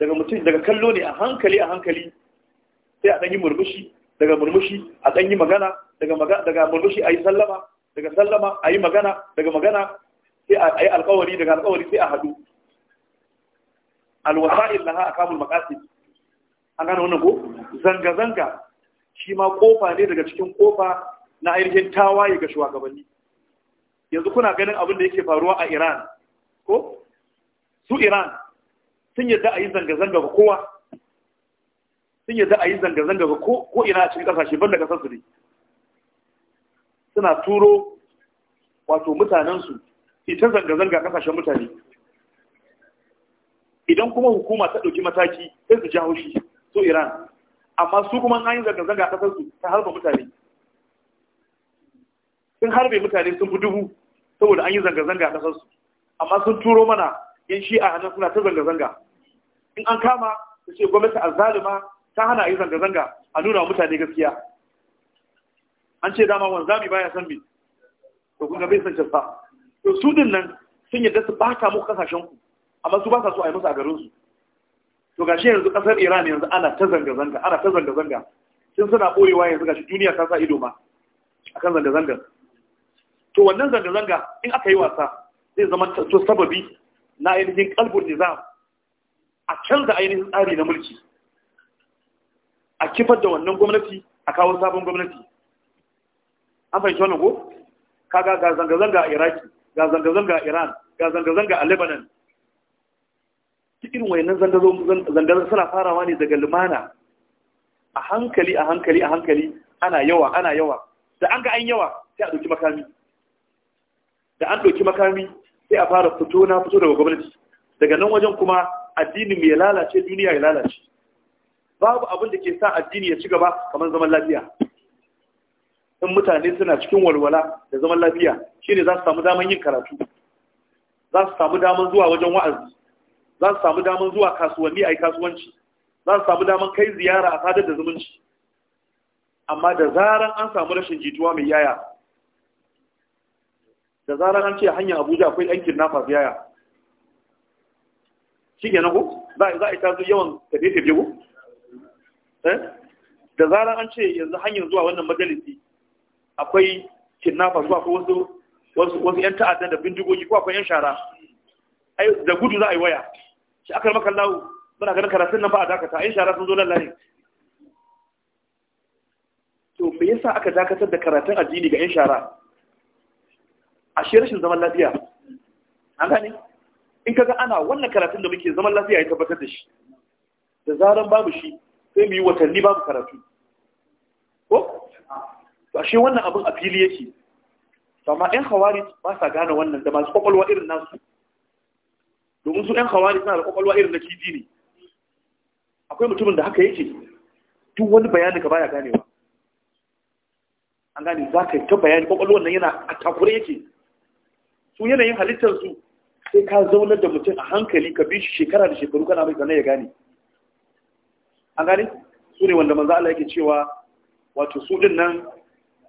daga mutum daga kallo ne a hankali a hankali sai a danyi yi murmushi daga murmushi a danyi yi magana daga magana daga murmushi ayi sallama daga sallama ayi magana daga magana sai ayi alƙawari daga alƙawari sai a hadu alwasa'il laha akamul maqasid an gano wannan ko zanga zanga shi ma kofa ne daga cikin kofa na ainihin tawaye ga shugabanni yanzu kuna ganin abin da yake faruwa a Iran ko su Iran sun yadda a yi zanga-zanga ga kowa sun yadda a yi zanga-zanga ga ko ina a cikin kasashe banda kasar su ne suna turo wato mutanensu ita zanga-zanga kasashen mutane idan kuma hukuma ta ɗauki mataki sai su jawo shi so iran amma su kuma an yi zanga-zanga a kasar ta harba mutane sun harbe mutane sun fi dubu saboda an yi zanga-zanga a kasar amma sun turo mana yan shi a hannun suna ta zanga-zanga in an kama su ce gwamnati a zalima ta hana yi zanga-zanga a nuna wa mutane gaskiya an ce dama wanzami baya san bi. to kun ga bai san cin to su din nan sun yadda su bata muku kasashen ku amma su ba sa so a yi musu a garinsu. to gashi yanzu kasar Iran yanzu ana ta zanga zanga ana ta zanga zanga sun suna boyewa yanzu gashi duniya ta sa ido ma akan zanga zanga to wannan zanga zanga in aka yi wasa zai zama to sababi na ainihin kalbun nizam a canza ainihin tsari na mulki a kifar da wannan gwamnati a kawo sabon gwamnati an fahimci wannan ko kaga ga zanga-zanga a iraki ga zanga-zanga a iran ga zanga-zanga a lebanon Cikin wayannan zangazan suna farawa ne daga lumana a hankali a hankali a hankali ana yawa ana yawa da an ga an yawa sai a ɗauki makami da an ɗauki makami sai a fara fito na fito daga gwamnati daga nan wajen kuma addini mai lalace duniya ya lalace babu abin da ke sa addini ya ci gaba kamar zaman lafiya in mutane suna cikin walwala da zaman lafiya shine za su samu daman yin karatu za su samu daman zuwa wajen wa'azi za su samu daman zuwa kasuwanni a yi kasuwanci za su samu daman kai ziyara a sadar da zumunci amma da zaran an samu rashin jituwa mai yaya da zaran an ce hanyar abuja akwai yan kidnappers yaya shi na nago za a yi tazo yawan tafiye-tafiye ko eh? da zaran an ce yanzu hanyar zuwa wannan majalisi akwai kidnappers ko akwai wasu wasu yan ta'adda da bindigogi ko akwai yan shara da gudu za a yi waya shi aka maka lawo muna ganin karatun nan ba a dakata yin shara sun zo nan layin to me yasa aka dakatar da karatun addini ga yin shara ashe rashin zaman lafiya an gane in kaga ana wannan karatun da muke zaman lafiya ya tabbatar da shi da zaran babu shi sai mu yi watanni babu karatu ko to ashe wannan abin a fili yake amma 'yan hawari ba sa gane wannan da masu kwakwalwa irin nasu domin su 'yan hawari suna da ƙwaƙwalwa irin na kifi ne akwai mutumin da haka yake tun wani bayani ka baya ganewa an gane za ka yi ta bayani kwakwalwan nan yana a takure yake su yanayin halittarsu sai ka zaunar da mutum a hankali ka bi shi shekara da shekaru kana mai sannan ya gane an gane su ne wanda manzo Allah yake cewa wato su din nan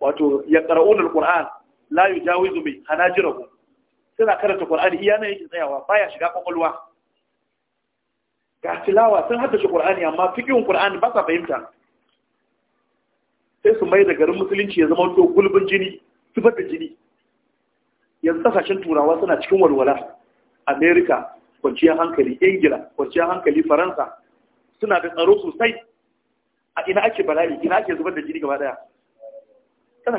wato ya qara'un alquran la yujawizu bi hanajirahu suna karanta Qur'ani iya nan yake tsayawa baya shiga ƙwaƙwalwa. ga tilawa sun shi Qur'ani amma fiqhin Qur'ani ba sa fahimta sai su mai da garin musulunci ya zama to gulbin jini zubar da jini yanzu kasashen turawa suna cikin walwala America kwanciyar hankali Ingila kwanciyar hankali Faransa suna da tsaro sosai a ina ake bala'i ina ake zubar da jini gaba daya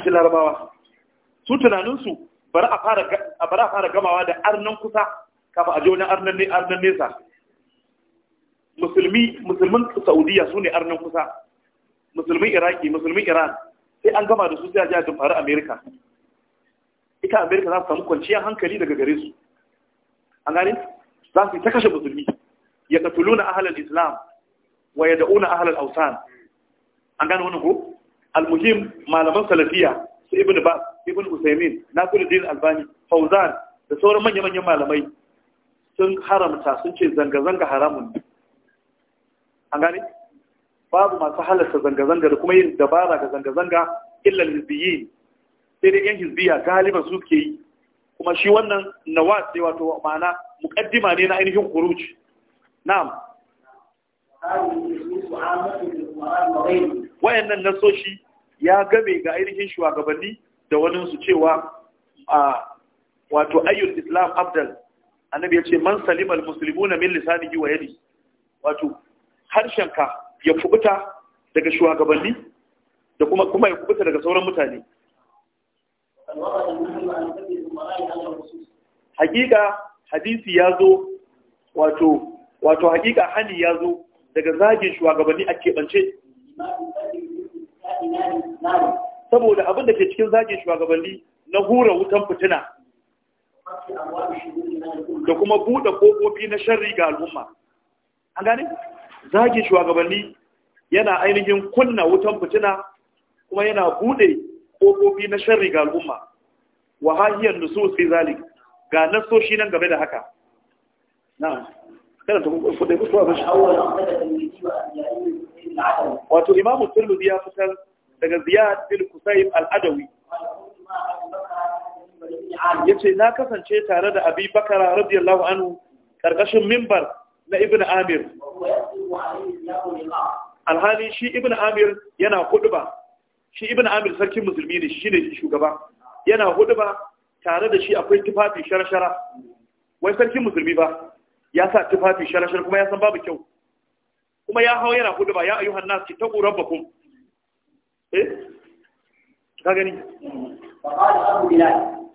shi larabawa su tunaninsu bari a fara a bara fara gamawa da arnan kusa kafa a jona arnan ne arnan nesa musulmi musulmin saudiya su ne arnan kusa musulmin iraki musulmin iran sai an gama da su sai a ji a amerika ita amerika za su samu kwanciyar hankali daga gare su an gane za su yi ta kashe musulmi ya na ahalar islam wa ya da'una ahalar ausan an gane wani ko almuhim malaman salafiya ibn ba ibn usaimin nasiruddin albani fauzan da sauran manya-manyan malamai sun haramta sun ce zanga-zanga haramun an gane babu masu halarta zanga-zanga da kuma yin dabara ga zanga-zanga illar hizbiyi sai dai yan hizbiya galiba su ke yi kuma shi wannan nawa ne wato ma'ana muqaddima ne na ainihin khuruj na'am wayannan nasoshi ya game ga ainihin shugabanni da wani su cewa a wato ayyul islam abdal annabi ya ce man salimal muslimuna min lisanihi wa yadi wato harshen ka ya kubuta daga shugabanni da kuma kuma ya kubuta daga sauran mutane hakika hadisi ya zo wato wato hakika hani ya zo daga zagin shugabanni a keɓance saboda abin da ke cikin zagin shugabanni na hura wutan fitina da kuma buɗe ƙofofi na sharri ga al'umma an gane zagin shugabanni yana ainihin kunna wutan fitina kuma yana buɗe ƙofofi na sharri ga al'umma wa hahiyar nusus fi zalik ga nasoshi nan game da haka na kada ta kuɗe wato imamu turmudi ya fitar daga ziyad bin al'adawi ya ce na kasance tare da abi bakara radiyallahu anhu karkashin mimbar na ibn amir alhali shi ibn amir yana ba. shi ibn amir sarkin musulmi ne shi ne shugaba yana ba tare da shi akwai tufafi sharashara wai sarkin musulmi ba ya sa tufafi sharashara kuma ya san babu kyau kuma ya hau yana hudu ba ya ayyuhan nas ki taqu rabbakum eh ka gani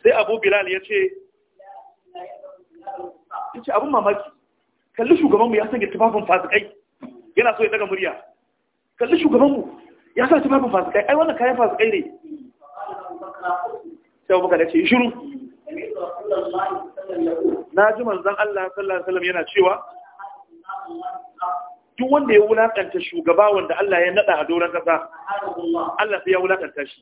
sai abu bilal ya ce ya ce abin mamaki kalli shugabanmu ya sanya tufafin fasikai yana so ya daga murya kalli shugabanmu ya sa tufafin fasikai ai wannan kayan fasikai ne sai abu kada ce shiru na ji manzan Allah sallallahu Alaihi wasallam yana cewa duk wanda ya wulakanta shugaba wanda Allah ya nada a doron kasa Allah sai ya wulakanta shi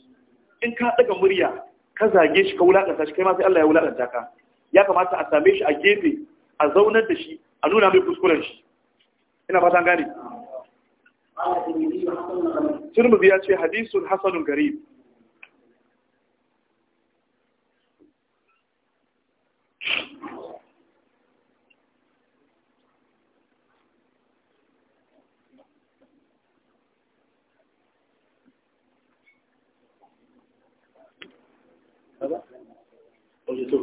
in ka daga murya ka zage shi ka wulakanta shi kai ma sai Allah ya wulakanta ka ya kamata a same shi a gefe a zaunar da shi a nuna mai kuskuren shi ina fatan gane Tirmidhi ya ce hadisun hasanun garib to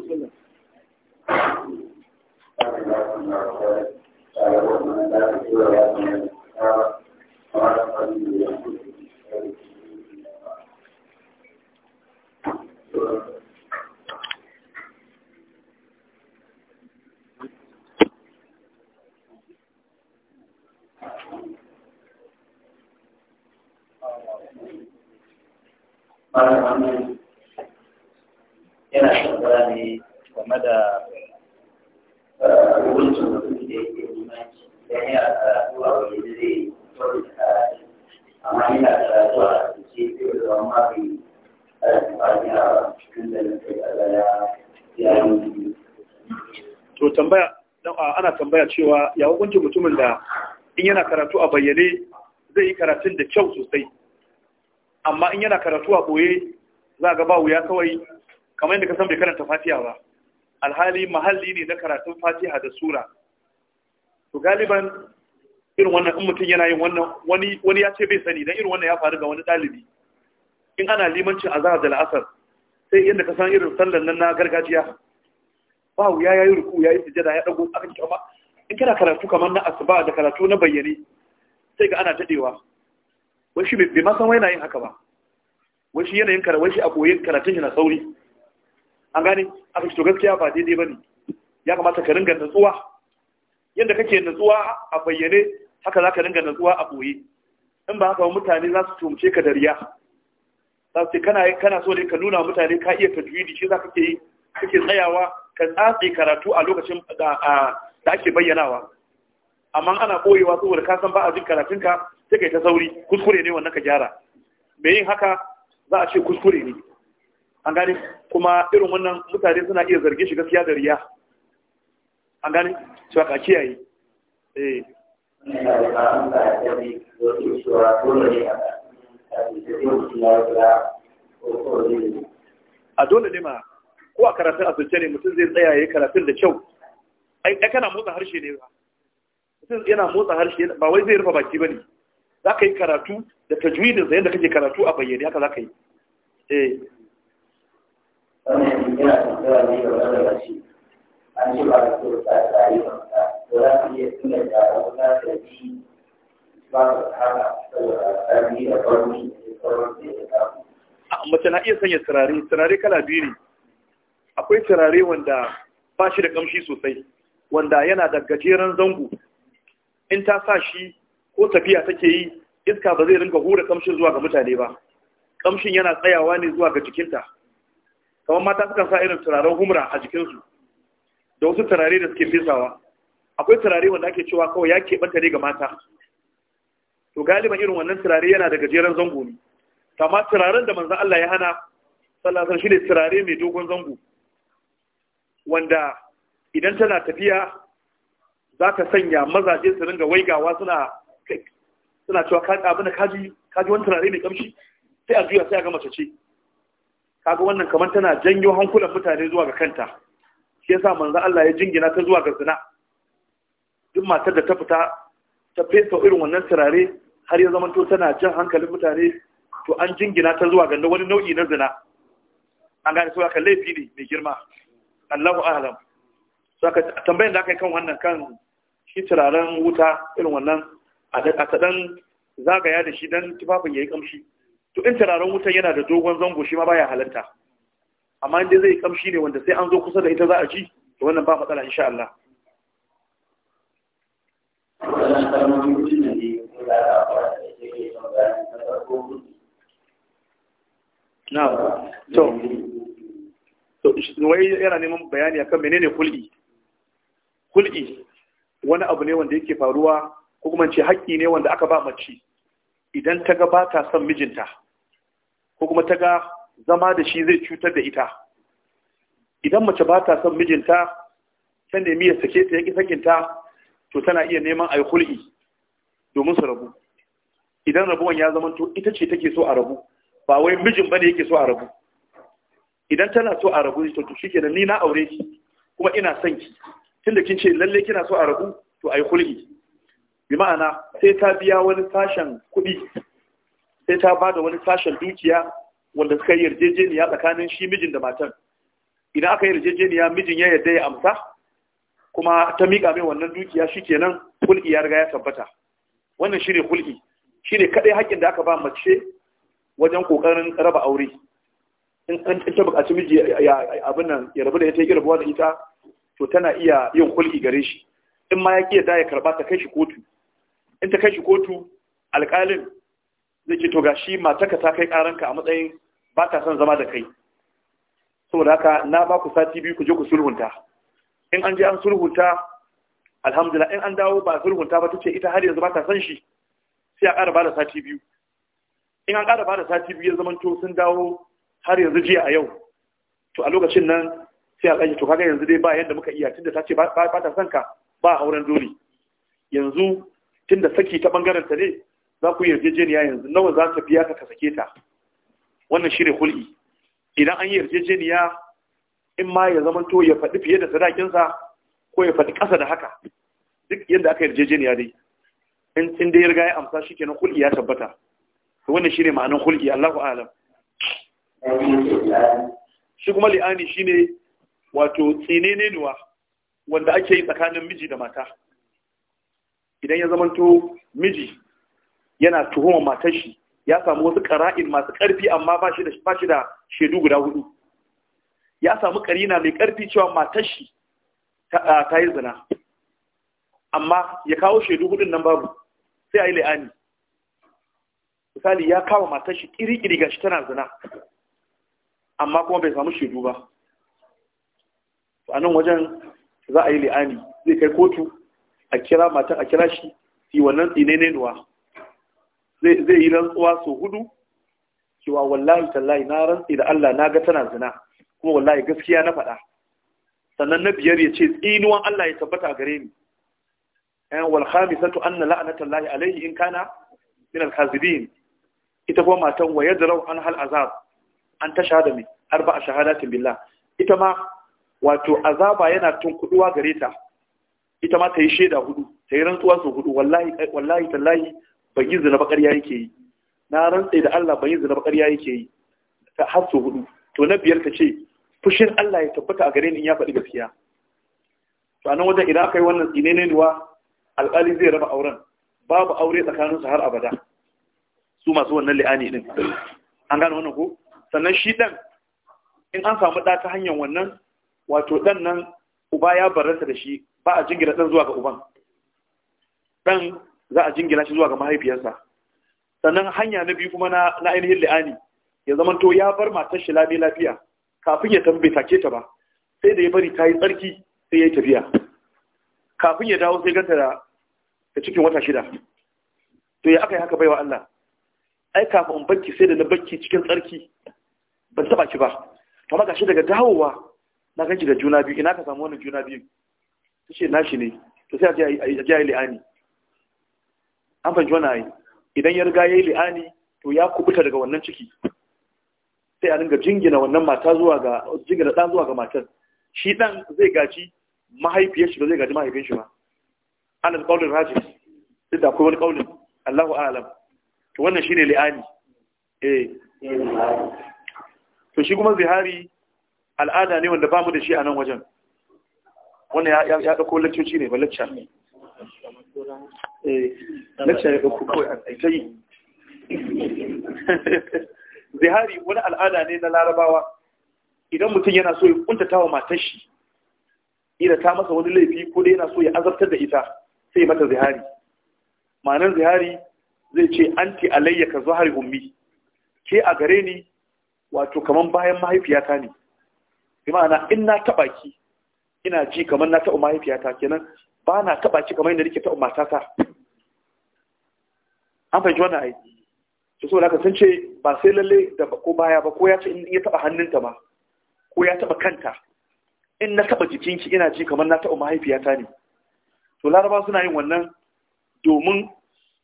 cewa ya hukunci mutumin da in yana karatu a bayyane zai yi karatun da kyau sosai amma in yana karatu a boye za ga ba wuya kawai kamar yadda ka san bai karanta fatiha ba alhali mahalli ne na karatun fatiha da sura to galiban irin wannan in mutum yana yin wannan wani wani ya ce bai sani dan irin wannan ya faru ga wani dalibi in ana limancin azhar da al'asar sai yadda ka san irin sallan nan na gargajiya ba wuya yayi ruku yayi sujada ya dago aka ce amma in kana karatu kamar na asuba da karatu na bayyane sai ga ana tadewa wai shi bai ma wai na yin haka ba wai shi yanayin karawai shi a koyin karatun shi na sauri an gane aka to gaskiya ba daidai bane ya kamata ka ringa natsuwa yadda kake natsuwa a bayyane haka za ka ringa natsuwa a boye in ba haka mutane za su tumce ka dariya. za su kana kana so ne ka nuna mutane ka iya tajwidi shi za kake yi kake tsayawa ka tsatsi karatu a lokacin a da ake bayyanawa amma ana koyewa saboda ka san ba a jin karatunka sai kai ta sauri kuskure ne wannan ka gyara me yin haka za a ce kuskure ne an gane kuma irin wannan mutane suna iya zargin shi gaskiya da riya an gane cewa ka kiyaye eh a dole ne ma ko a karatun asirce ne mutum zai tsaya ya karatun da kyau ai kana motsa harshe ne ba mutum yana motsa harshe ba wai zai rufe baki ba ne za ka yi karatu da da yadda kake karatu a bayyane haka za ka yi eh mace na iya sanya turare turare kala biyu ne akwai turare wanda ba shi da kamshi sosai wanda yana da gajeren zango in ta sa shi ko tafiya take yi iska ba zai rinka hura kamshin zuwa ga mutane ba kamshin yana tsayawa ne zuwa ga jikinta kamar mata sukan sa irin turaren humra a jikinsu da wasu turare da suke fesawa akwai turare wanda ake cewa kawai ya keɓanta ne ga mata to galiban irin wannan turare yana da gajeren zango ne kama turaren da manzan Allah ya hana sallasan shi ne turare mai dogon zango wanda idan tana tafiya za ta sanya mazaje su ringa waigawa suna suna cewa ka abu na kaji kaji wani turare mai kamshi sai a juya sai a ga mace ce kaga wannan kamar tana janyo hankulan mutane zuwa ga kanta shi yasa manzo Allah ya jingina ta zuwa ga zina duk matar da ta fita ta fesa irin wannan turare har ya zamanto tana jan hankalin mutane to an jingina ta zuwa ga wani nau'i na zina an gane cewa kan laifi ne mai girma Allahu a'lam saka tambayar da aka yi kan wannan kan shi turaren wuta irin wannan a ta dan zagaya da shi dan tufafin ya yi kamshi to in turaren wuta yana da dogon zango shi ma baya halarta amma inda zai yi kamshi ne wanda sai an zo kusa da ita za a ji to wannan ba matsala insha Allah na to to wai yana neman bayani akan menene kulli kul'i wani abu ne wanda yake faruwa ko kuma ce haƙƙi ne wanda aka ba mace idan ta ga ba ta son mijinta ko kuma ta ga zama da shi zai cutar da ita idan mace ba ta son mijinta ta nemi ya sake ta yaƙi sakinta to tana iya neman a yi kul'i domin su rabu idan rabuwan ya zama to ita ce take so a rabu ba wai mijin bane yake so a rabu idan tana so a rabu to to shikenan ni na aure kuma ina son ki tunda kin ce lalle kina so a rabu to ai yi bi ma'ana sai ta biya wani sashen kuɗi sai ta bada wani sashen dukiya wanda suka yi yarjejeniya tsakanin shi mijin da matan idan aka yi yarjejeniya mijin ya yarda ya amsa kuma ta miƙa mai wannan dukiya shikenan hulki ya riga ya tabbata wannan shine Shi shine kaɗai haƙƙin da aka ba mace wajen ƙoƙarin raba aure in ta buƙaci miji ya abin nan ya rabu da ta yi rabuwa da ita to tana iya yin hulki gare shi in ma ya ki da ya karɓa ta kai shi kotu in ta kai shi kotu alƙalin zai ce to shi matarka ta kai ƙaranka a matsayin ba ta son zama da kai saboda haka na ba ku sati biyu ku je ku sulhunta in an je an sulhunta alhamdulillah in an dawo ba sulhunta ba ta ce, ita har yanzu ba ta san shi sai a ƙara ba da sati biyu in an ƙara ba da sati biyu ya zama to sun dawo har yanzu jiya a yau to a lokacin nan sai alhaji to kaga yanzu dai ba yadda muka iya tunda ta ce ba ta son ka ba auren dole yanzu tunda saki ta bangaren ta ne za ku yarjejeniya yanzu nawa za ta biya ka sake ta wannan shi ne hulɗi idan an yi yarjejeniya in ma ya zama to ya faɗi fiye da sadakinsa ko ya faɗi ƙasa da haka duk yadda aka yarjejeniya dai in tun dai ya riga ya amsa shi kenan hulɗi ya tabbata to wannan ne ma'anar hulɗi Allahu a'lam shi kuma li'ani shine wato nuwa wanda ake yi tsakanin miji da mata idan ya zamanto miji yana tuhuma matar shi ya samu wasu ƙara'in masu ƙarfi amma ba shi da shaidu guda hudu ya samu ƙarina mai ƙarfi cewa matashi shi ta yi zina amma ya kawo shaidu hudun nan babu sai a la'ani misali ya kawo matashi shi ƙiri-ƙiri ga shi tana zina amma kuma bai samu shaidu ba a nan wajen za a yi li'ani zai kai kotu a kira matan a kira shi yi wannan tsinene nuwa zai yi rantsuwa so hudu cewa wallahi tallahi na rantsi da Allah na ga tana zina kuma wallahi gaskiya na faɗa sannan na biyar ya ce tsinuwan Allah ya tabbata gare ni ayan wal na anna la'natallahi alaihi in kana min al ita kuma matan wa rau an hal azab an tashhada min arba'a shahadatin billah ita ma wato azaba yana tunkuduwa gare ta ita ma ta yi shaida hudu ta yi rantsuwa su hudu wallahi wallahi tallahi ban yi zina bakar yake yi na rantsa da Allah ban yi zina bakar yake yi ta har su hudu to na biyar ta ce fushin Allah ya tabbata a gare ni in ya faɗi gaskiya to anan wajen idan aka yi wannan ne duwa alƙali zai raba auren babu aure tsakanin su har abada su masu wannan li'ani din an gane wannan ko sannan shi dan in an samu ɗa ta hanyar wannan wato ɗan nan uba ya barranta da shi ba a jingina ɗan zuwa ga uban ɗan za a jingina shi zuwa ga mahaifiyarsa sannan hanya na biyu kuma na ainihin la'ani. ya zamanto ya bar matar shi lafiya lafiya kafin ya tambaye take ta ba sai da ya bari ta yi tsarki sai ya yi tafiya kafin ya dawo sai ganta da cikin wata shida to ya aka yi haka baiwa Allah ai kafin in barki sai da na barki cikin tsarki ban taba ki ba to maka shi daga dawowa na ganki da juna biyu ina ka samu wannan juna biyu ta ce nashi ne to sai a ji a yi li'ani an fahimci wani ayi idan ya riga ya yi li'ani to ya kubuta daga wannan ciki sai a dinga jingina wannan mata zuwa ga jingina ɗan zuwa ga matar shi ɗan zai gaji mahaifiyar shi ba zai gaji mahaifin shi ba ana da ƙaunin rajin duk da akwai wani ƙaunin allahu alam to wannan shi ne li'ani eh to shi kuma zihari al'ada ne wanda ba mu da shi a nan wajen Wani ya ɗauko lakcoci ne ba lacca ne lacca ya ɗauko kawai a yi. zihari wani al'ada ne na larabawa idan mutum yana so ya kuntata wa matar shi ila ta masa wani laifi ko da yana so ya azabtar da ita sai mata zihari ma'anar zihari zai ce anti alayyaka zuhari ummi ke a gare ni wato kamar bayan mahaifiyata ne bi in na taɓa ki ina ji kamar na taɓa mahaifiyata kenan ba na taɓa ki kamar yadda nake taɓa matata an fahimci wannan aiki to saboda haka sun ce ba sai lalle da ko baya ba ko ya ce in ya taɓa hannunta ma ko ya taɓa kanta in na taɓa jikinki ina ji kamar na taɓa mahaifiyata ne to laraba suna yin wannan domin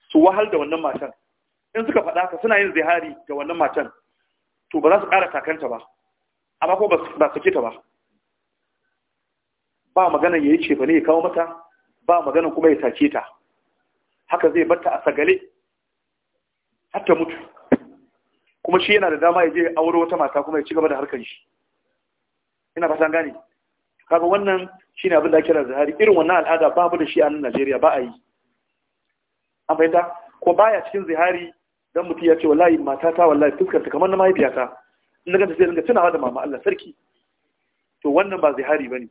su wahal da wannan matan in suka faɗa ka suna yin zihari ga wannan matan to ba za su ƙara takanta ba amma ko ba sake ta ba ba magana ya yi ce ba ne ya kawo mata ba magana kuma ya sake ta haka zai batta a sagale har ta mutu kuma shi yana da dama ya je aure wata mata kuma ya ci gaba da harkar shi ina fatan gane kaga wannan shine abin da ake kira zahari irin wannan al'ada ba mu da shi a nan Najeriya ba a yi an fahimta ko baya cikin zihari dan mutum ya ce wallahi matata wallahi fuskar ta kamar na mahaifiyata in daga sai ringa tunawa da mama Allah sarki to wannan ba zihari bane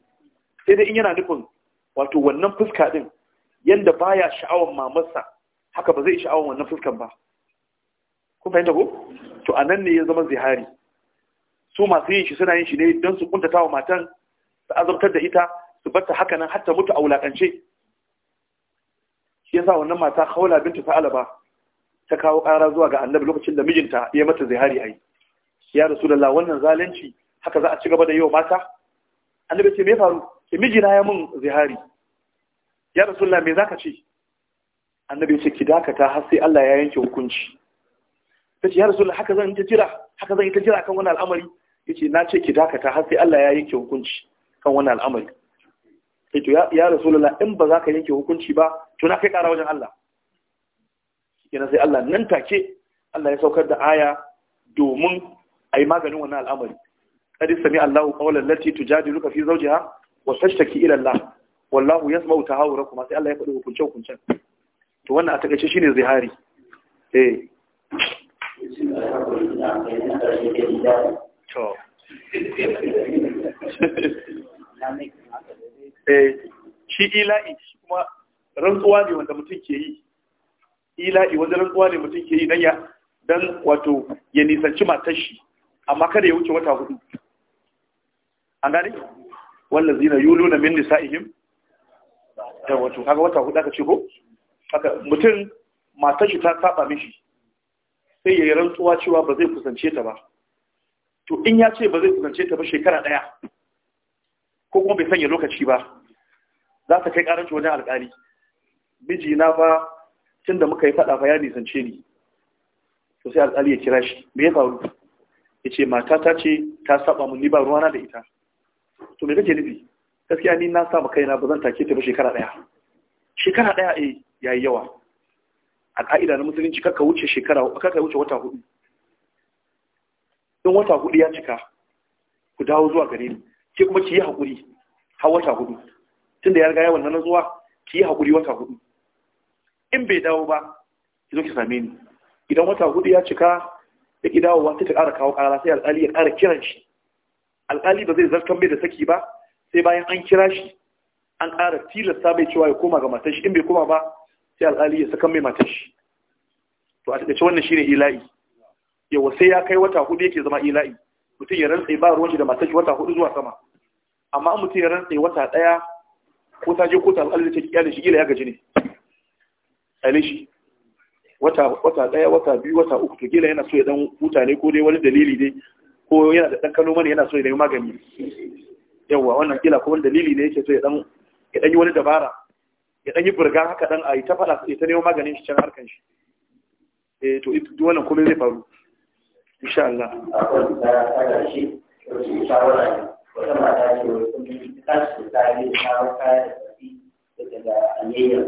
sai dai in yana nufin wato wannan fuska din yanda baya sha'awan mamarsa haka ba zai sha'awan wannan fuskan ba kun fahimta ko to anan ne ya zama zihari su masu yin shi suna yin shi ne don su kuntata wa matan su azabtar da ita su bar ta haka nan har mutu a wulakance shi yasa wannan mata haula Binta fa'ala ba ta kawo ƙara zuwa ga annabi lokacin da mijinta ya mata zihari yi ya rasulullah wannan zalunci haka za a ci gaba da yi wa mata annabi ce me faru ke mijina ya mun zihari ya rasulullah me zaka ce annabi ce ki dakata har sai Allah ya yanke hukunci tace ya rasulullah haka zan ta jira haka zan ta jira kan wannan al'amari yace na ce ki dakata har sai Allah ya yanke hukunci kan wannan al'amari sai to ya rasulullah in ba za ka yanke hukunci ba to na kai kara wajen Allah kina sai Allah nan take Allah ya saukar da aya domin ai maganin wannan al'amari qad sami Allahu qawlan lati tujadiluka fi zawjiha wa tashtaki ila Allah wallahu yasma'u tahawurakum sai Allah ya faɗi hukunce hukuncen to wannan a takaice shine zihari eh to eh shi ila'i kuma rantsuwa ne wanda mutum ke yi ila'i wanda rantsuwa ne mutum ke yi dan ya dan wato ya nisanci matar shi amma kada ya wuce wata hudu an gane wallazina na min nisa'ihim da wato kaga wata hudu aka ce ko aka mutum matar shi ta saba mishi sai ya yi rantsuwa cewa ba zai kusance ta ba to in ya ce ba zai kusance ta ba shekara daya ko kuma bai sanya lokaci ba za ta kai karanci wajen alkali miji na tun da muka yi fada fa ya nisance ni to sai alkali ya kira shi me ya faru ya ce mata ta ce ta saba mun ni ba ruwana da ita to me kake nufi gaskiya ni na saba kaina ba zan take ta ba shekara daya shekara daya eh yayi yawa a ka'ida na musulunci kaka wuce shekara kaka wuce wata hudu in wata hudu ya cika ku dawo zuwa gare ni ke kuma ki yi hakuri har wata hudu tunda ya riga ya wannan zuwa ki yi hakuri wata hudu in bai dawo ba ki zo ki same ni idan wata hudu ya cika da ki dawowa sai ta ƙara kawo ƙara sai alƙali ya ƙara kiran shi alƙali ba zai zartan mai da saki ba sai bayan an kira shi an ƙara tilasta mai cewa ya koma ga matar shi in bai koma ba sai alƙali ya sakan mai matar shi to a taƙaice wannan shine ila'i yawa sai ya kai wata hudu yake zama ila'i mutum ya rantsa ba ruwan shi da matar shi wata hudu zuwa sama amma an mutum ya rantsa wata ɗaya ko ta je ko ta alƙali da ta ƙiyar da shi gila ya gaji ne ƙyale shi wata ɗaya wata biyu wata uku to gila yana so ya dan huta ne ko dai wani dalili dai ko yana da ɗan kano mana yana so ya dan magani yawa wannan gila ko wani dalili ne yake so ya dan ya dan yi wani dabara ya dan yi burga haka dan a yi ta faɗa sai ta nemo maganin shi can harkan shi eh to duk wannan komai zai faru insha Allah wata mata ce wani ta shi ta yi shawar kaya da tafi daga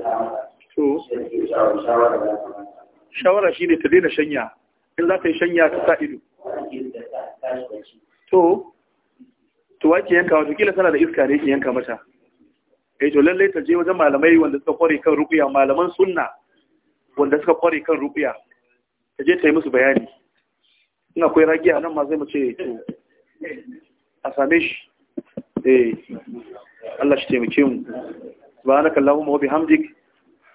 ta mata. To. Shi ne da ta mata. shawara shi ne ta daina shanya in za ta yi shanya ta sa ido to to wake yanka wato kila tana da iska ne ke yanka mata eh to lallai ta je wajen malamai wanda suka kware kan rukuya malaman sunna wanda suka kware kan rukuya ta je ta yi musu bayani ina akwai ragiya nan ma zai mace to a same shi eh Allah shi taimake mu subhanakallahumma wa bihamdika